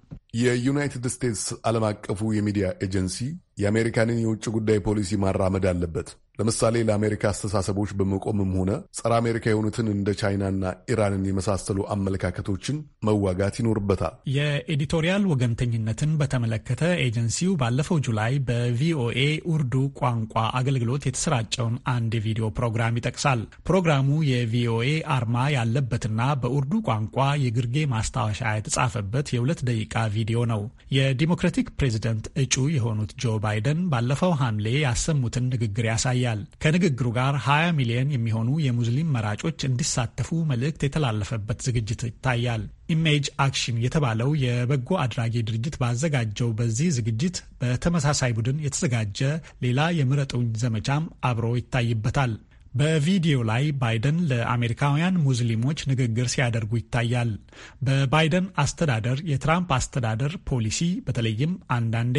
የዩናይትድ ስቴትስ ዓለም አቀፉ የሚዲያ ኤጀንሲ የአሜሪካንን የውጭ ጉዳይ ፖሊሲ ማራመድ አለበት። ለምሳሌ ለአሜሪካ አስተሳሰቦች በመቆምም ሆነ ጸረ አሜሪካ የሆኑትን እንደ ቻይናና ኢራንን የመሳሰሉ አመለካከቶችን መዋጋት ይኖርበታል። የኤዲቶሪያል ወገንተኝነትን በተመለከተ ኤጀንሲው ባለፈው ጁላይ በቪኦኤ ኡርዱ ቋንቋ አገልግሎት የተሰራጨውን አንድ የቪዲዮ ፕሮግራም ይጠቅሳል። ፕሮግራሙ የቪኦኤ አርማ ያለበትና በኡርዱ ቋንቋ የግርጌ ማስታወሻ የተጻፈበት የሁለት ደቂቃ ቪዲዮ ነው። የዲሞክራቲክ ፕሬዚደንት እጩ የሆኑት ጆ ባይደን ባለፈው ሐምሌ ያሰሙትን ንግግር ያሳያል። ይታያል። ከንግግሩ ጋር 20 ሚሊዮን የሚሆኑ የሙስሊም መራጮች እንዲሳተፉ መልእክት የተላለፈበት ዝግጅት ይታያል። ኢሜጅ አክሽን የተባለው የበጎ አድራጊ ድርጅት ባዘጋጀው በዚህ ዝግጅት በተመሳሳይ ቡድን የተዘጋጀ ሌላ የምረጡኝ ዘመቻም አብሮ ይታይበታል። በቪዲዮ ላይ ባይደን ለአሜሪካውያን ሙስሊሞች ንግግር ሲያደርጉ ይታያል። በባይደን አስተዳደር የትራምፕ አስተዳደር ፖሊሲ በተለይም አንዳንዴ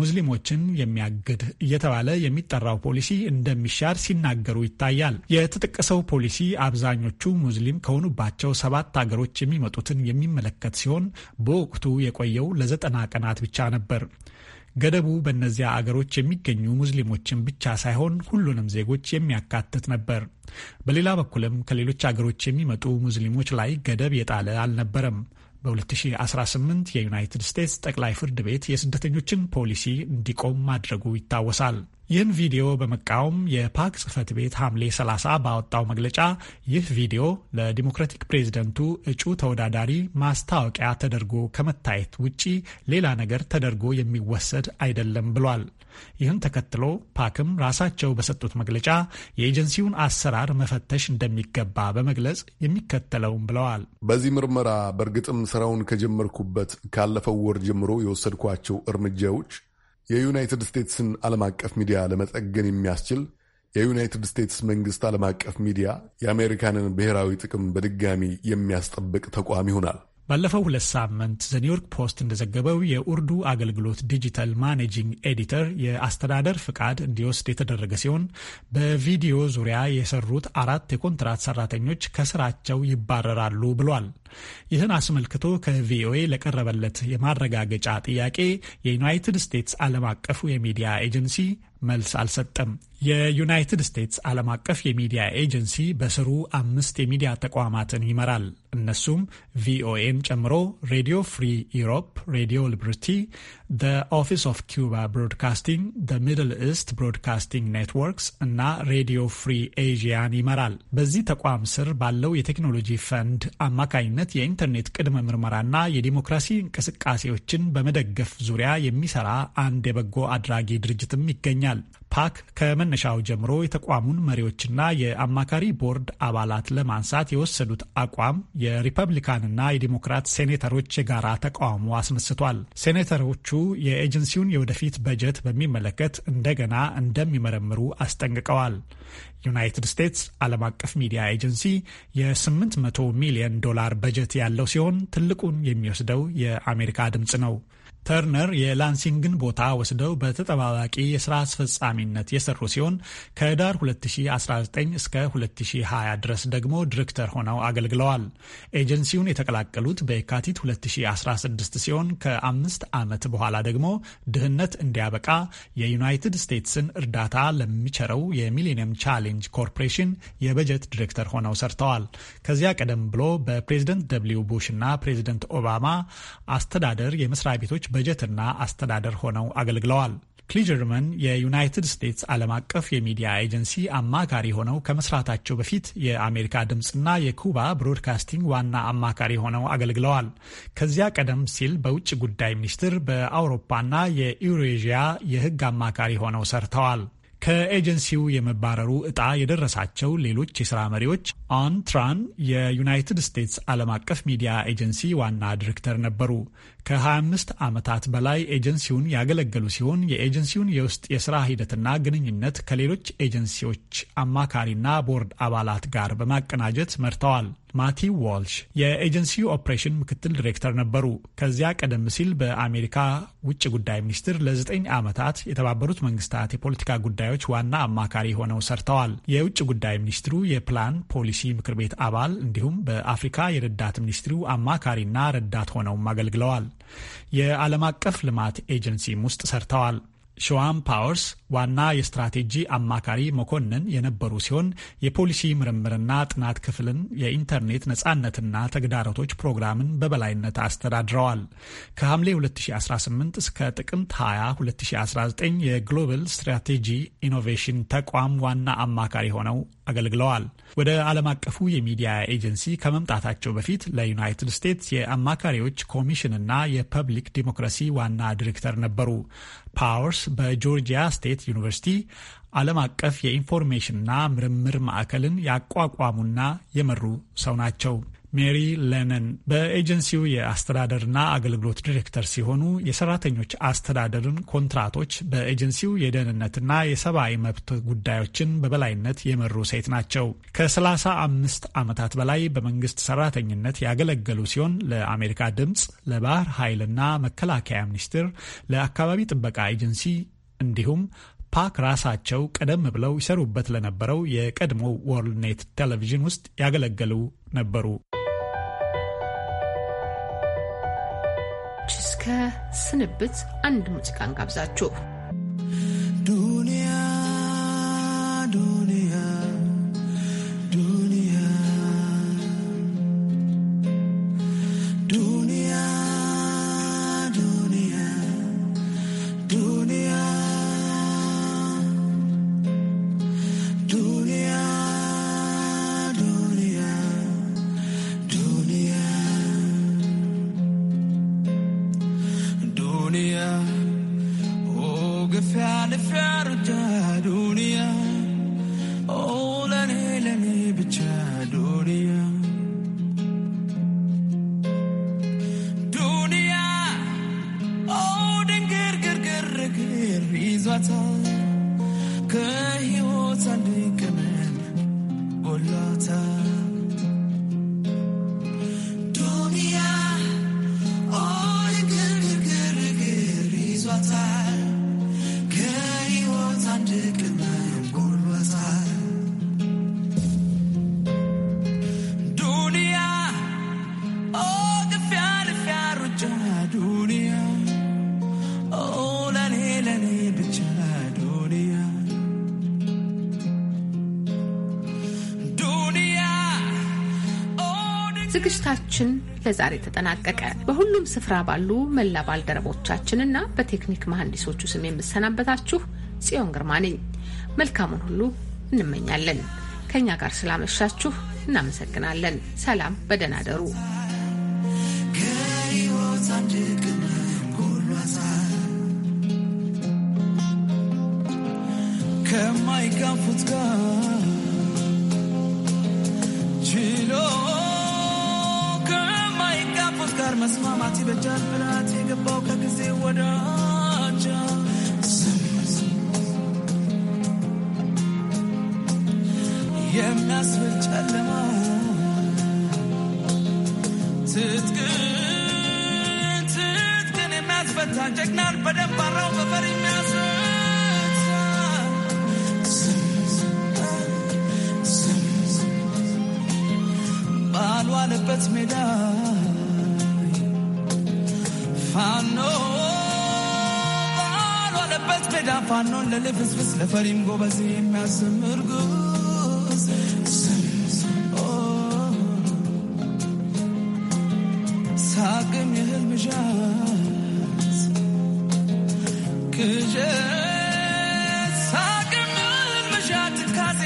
ሙስሊሞችን የሚያግድ እየተባለ የሚጠራው ፖሊሲ እንደሚሻር ሲናገሩ ይታያል። የተጠቀሰው ፖሊሲ አብዛኞቹ ሙስሊም ከሆኑባቸው ሰባት አገሮች የሚመጡትን የሚመለከት ሲሆን በወቅቱ የቆየው ለዘጠና ቀናት ብቻ ነበር። ገደቡ በእነዚያ አገሮች የሚገኙ ሙስሊሞችን ብቻ ሳይሆን ሁሉንም ዜጎች የሚያካትት ነበር። በሌላ በኩልም ከሌሎች አገሮች የሚመጡ ሙስሊሞች ላይ ገደብ የጣለ አልነበረም። በ2018 የዩናይትድ ስቴትስ ጠቅላይ ፍርድ ቤት የስደተኞችን ፖሊሲ እንዲቆም ማድረጉ ይታወሳል። ይህን ቪዲዮ በመቃወም የፓክ ጽህፈት ቤት ሐምሌ 30 ባወጣው መግለጫ ይህ ቪዲዮ ለዲሞክራቲክ ፕሬዝደንቱ እጩ ተወዳዳሪ ማስታወቂያ ተደርጎ ከመታየት ውጪ ሌላ ነገር ተደርጎ የሚወሰድ አይደለም ብሏል። ይህን ተከትሎ ፓክም ራሳቸው በሰጡት መግለጫ የኤጀንሲውን አሰራር መፈተሽ እንደሚገባ በመግለጽ የሚከተለውም ብለዋል። በዚህ ምርመራ በእርግጥም ስራውን ከጀመርኩበት ካለፈው ወር ጀምሮ የወሰድኳቸው እርምጃዎች የዩናይትድ ስቴትስን ዓለም አቀፍ ሚዲያ ለመጠገን የሚያስችል የዩናይትድ ስቴትስ መንግስት ዓለም አቀፍ ሚዲያ የአሜሪካንን ብሔራዊ ጥቅም በድጋሚ የሚያስጠብቅ ተቋም ይሆናል። ባለፈው ሁለት ሳምንት ዘኒውዮርክ ፖስት እንደዘገበው የኡርዱ አገልግሎት ዲጂታል ማኔጂንግ ኤዲተር የአስተዳደር ፍቃድ እንዲወስድ የተደረገ ሲሆን በቪዲዮ ዙሪያ የሰሩት አራት የኮንትራት ሰራተኞች ከስራቸው ይባረራሉ ብሏል። ይህን አስመልክቶ ከቪኦኤ ለቀረበለት የማረጋገጫ ጥያቄ የዩናይትድ ስቴትስ ዓለም አቀፉ የሚዲያ ኤጀንሲ መልስ አልሰጠም። የዩናይትድ ስቴትስ ዓለም አቀፍ የሚዲያ ኤጀንሲ በስሩ አምስት የሚዲያ ተቋማትን ይመራል። እነሱም ቪኦኤን ጨምሮ ሬዲዮ ፍሪ ኢሮፕ፣ ሬዲዮ ሊበርቲ፣ ኦፊስ ኦፍ ኪባ ብሮድካስቲንግ፣ ሚድል ኢስት ብሮድካስቲንግ ኔትወርክስ እና ሬዲዮ ፍሪ ኤዥያን ይመራል። በዚህ ተቋም ስር ባለው የቴክኖሎጂ ፈንድ አማካኝነት የኢንተርኔት ቅድመ ምርመራና የዲሞክራሲ እንቅስቃሴዎችን በመደገፍ ዙሪያ የሚሰራ አንድ የበጎ አድራጊ ድርጅትም ይገኛል። ፓክ ከመነሻው ጀምሮ የተቋሙን መሪዎችና የአማካሪ ቦርድ አባላት ለማንሳት የወሰዱት አቋም የሪፐብሊካንና የዲሞክራት ሴኔተሮች የጋራ ተቃውሞ አስነስቷል። ሴኔተሮቹ የኤጀንሲውን የወደፊት በጀት በሚመለከት እንደገና እንደሚመረምሩ አስጠንቅቀዋል። ዩናይትድ ስቴትስ ዓለም አቀፍ ሚዲያ ኤጀንሲ የ800 ሚሊዮን ዶላር በጀት ያለው ሲሆን ትልቁን የሚወስደው የአሜሪካ ድምፅ ነው። ተርነር የላንሲንግን ቦታ ወስደው በተጠባባቂ የሥራ አስፈጻሚነት የሰሩ ሲሆን ከህዳር 2019 እስከ 2020 ድረስ ደግሞ ዲሬክተር ሆነው አገልግለዋል። ኤጀንሲውን የተቀላቀሉት በየካቲት 2016 ሲሆን ከአምስት ዓመት በኋላ ደግሞ ድህነት እንዲያበቃ የዩናይትድ ስቴትስን እርዳታ ለሚቸረው የሚሊኒየም ቻሌንጅ ኦሬንጅ ኮርፖሬሽን የበጀት ዲሬክተር ሆነው ሰርተዋል። ከዚያ ቀደም ብሎ በፕሬዝደንት ደብሊው ቡሽ እና ፕሬዝደንት ኦባማ አስተዳደር የመስሪያ ቤቶች በጀትና አስተዳደር ሆነው አገልግለዋል። ክሊጀርመን የዩናይትድ ስቴትስ ዓለም አቀፍ የሚዲያ ኤጀንሲ አማካሪ ሆነው ከመስራታቸው በፊት የአሜሪካ ድምፅና የኩባ ብሮድካስቲንግ ዋና አማካሪ ሆነው አገልግለዋል። ከዚያ ቀደም ሲል በውጭ ጉዳይ ሚኒስትር በአውሮፓና የዩሬዥያ የሕግ አማካሪ ሆነው ሰርተዋል። ከኤጀንሲው የመባረሩ ዕጣ የደረሳቸው ሌሎች የስራ መሪዎች ኦን ትራን የዩናይትድ ስቴትስ ዓለም አቀፍ ሚዲያ ኤጀንሲ ዋና ዲሬክተር ነበሩ። ከ25 ዓመታት በላይ ኤጀንሲውን ያገለገሉ ሲሆን የኤጀንሲውን የውስጥ የስራ ሂደትና ግንኙነት ከሌሎች ኤጀንሲዎች አማካሪና ቦርድ አባላት ጋር በማቀናጀት መርተዋል። ማቲ ዋልሽ የኤጀንሲው ኦፕሬሽን ምክትል ዲሬክተር ነበሩ። ከዚያ ቀደም ሲል በአሜሪካ ውጭ ጉዳይ ሚኒስትር ለዘጠኝ ዓመታት የተባበሩት መንግስታት የፖለቲካ ጉዳዮች ዋና አማካሪ ሆነው ሰርተዋል። የውጭ ጉዳይ ሚኒስትሩ የፕላን ፖሊሲ ምክር ቤት አባል እንዲሁም በአፍሪካ የረዳት ሚኒስትሩ አማካሪና ረዳት ሆነውም አገልግለዋል። የዓለም አቀፍ ልማት ኤጀንሲም ውስጥ ሰርተዋል። ሸዋም ፓወርስ ዋና የስትራቴጂ አማካሪ መኮንን የነበሩ ሲሆን የፖሊሲ ምርምርና ጥናት ክፍልን፣ የኢንተርኔት ነጻነትና ተግዳሮቶች ፕሮግራምን በበላይነት አስተዳድረዋል። ከሐምሌ 2018 እስከ ጥቅምት 20 2019 የግሎባል ስትራቴጂ ኢኖቬሽን ተቋም ዋና አማካሪ ሆነው አገልግለዋል። ወደ ዓለም አቀፉ የሚዲያ ኤጀንሲ ከመምጣታቸው በፊት ለዩናይትድ ስቴትስ የአማካሪዎች ኮሚሽንና የፐብሊክ ዲሞክራሲ ዋና ዲሬክተር ነበሩ። ፓወርስ በጆርጂያ ስቴት ዩኒቨርሲቲ ዓለም አቀፍ የኢንፎርሜሽንና ምርምር ማዕከልን ያቋቋሙና የመሩ ሰው ናቸው። ሜሪ ለነን በኤጀንሲው የአስተዳደርና አገልግሎት ዲሬክተር ሲሆኑ የሰራተኞች አስተዳደርን፣ ኮንትራቶች፣ በኤጀንሲው የደህንነትና የሰብአዊ መብት ጉዳዮችን በበላይነት የመሩ ሴት ናቸው። ከ አምስት ዓመታት በላይ በመንግስት ሰራተኝነት ያገለገሉ ሲሆን ለአሜሪካ ድምፅ፣ ለባህር ኃይልና መከላከያ ሚኒስቴር፣ ለአካባቢ ጥበቃ ኤጀንሲ እንዲሁም ፓክ ራሳቸው ቀደም ብለው ይሰሩበት ለነበረው የቀድሞ ወርልድኔት ቴሌቪዥን ውስጥ ያገለገሉ ነበሩ። እስከ ስንብት አንድ ሙዚቃን ጋብዛችሁ ዝግጅታችን ለዛሬ ተጠናቀቀ። በሁሉም ስፍራ ባሉ መላ ባልደረቦቻችንና በቴክኒክ መሐንዲሶቹ ስም የምሰናበታችሁ ጽዮን ግርማ ነኝ። መልካሙን ሁሉ እንመኛለን። ከእኛ ጋር ስላመሻችሁ እናመሰግናለን። ሰላም፣ በደህና ደሩ። to the judgment. ለፋኖን ለልፍስፍስ ለፈሪም ጎበዝ የሚያስምርግ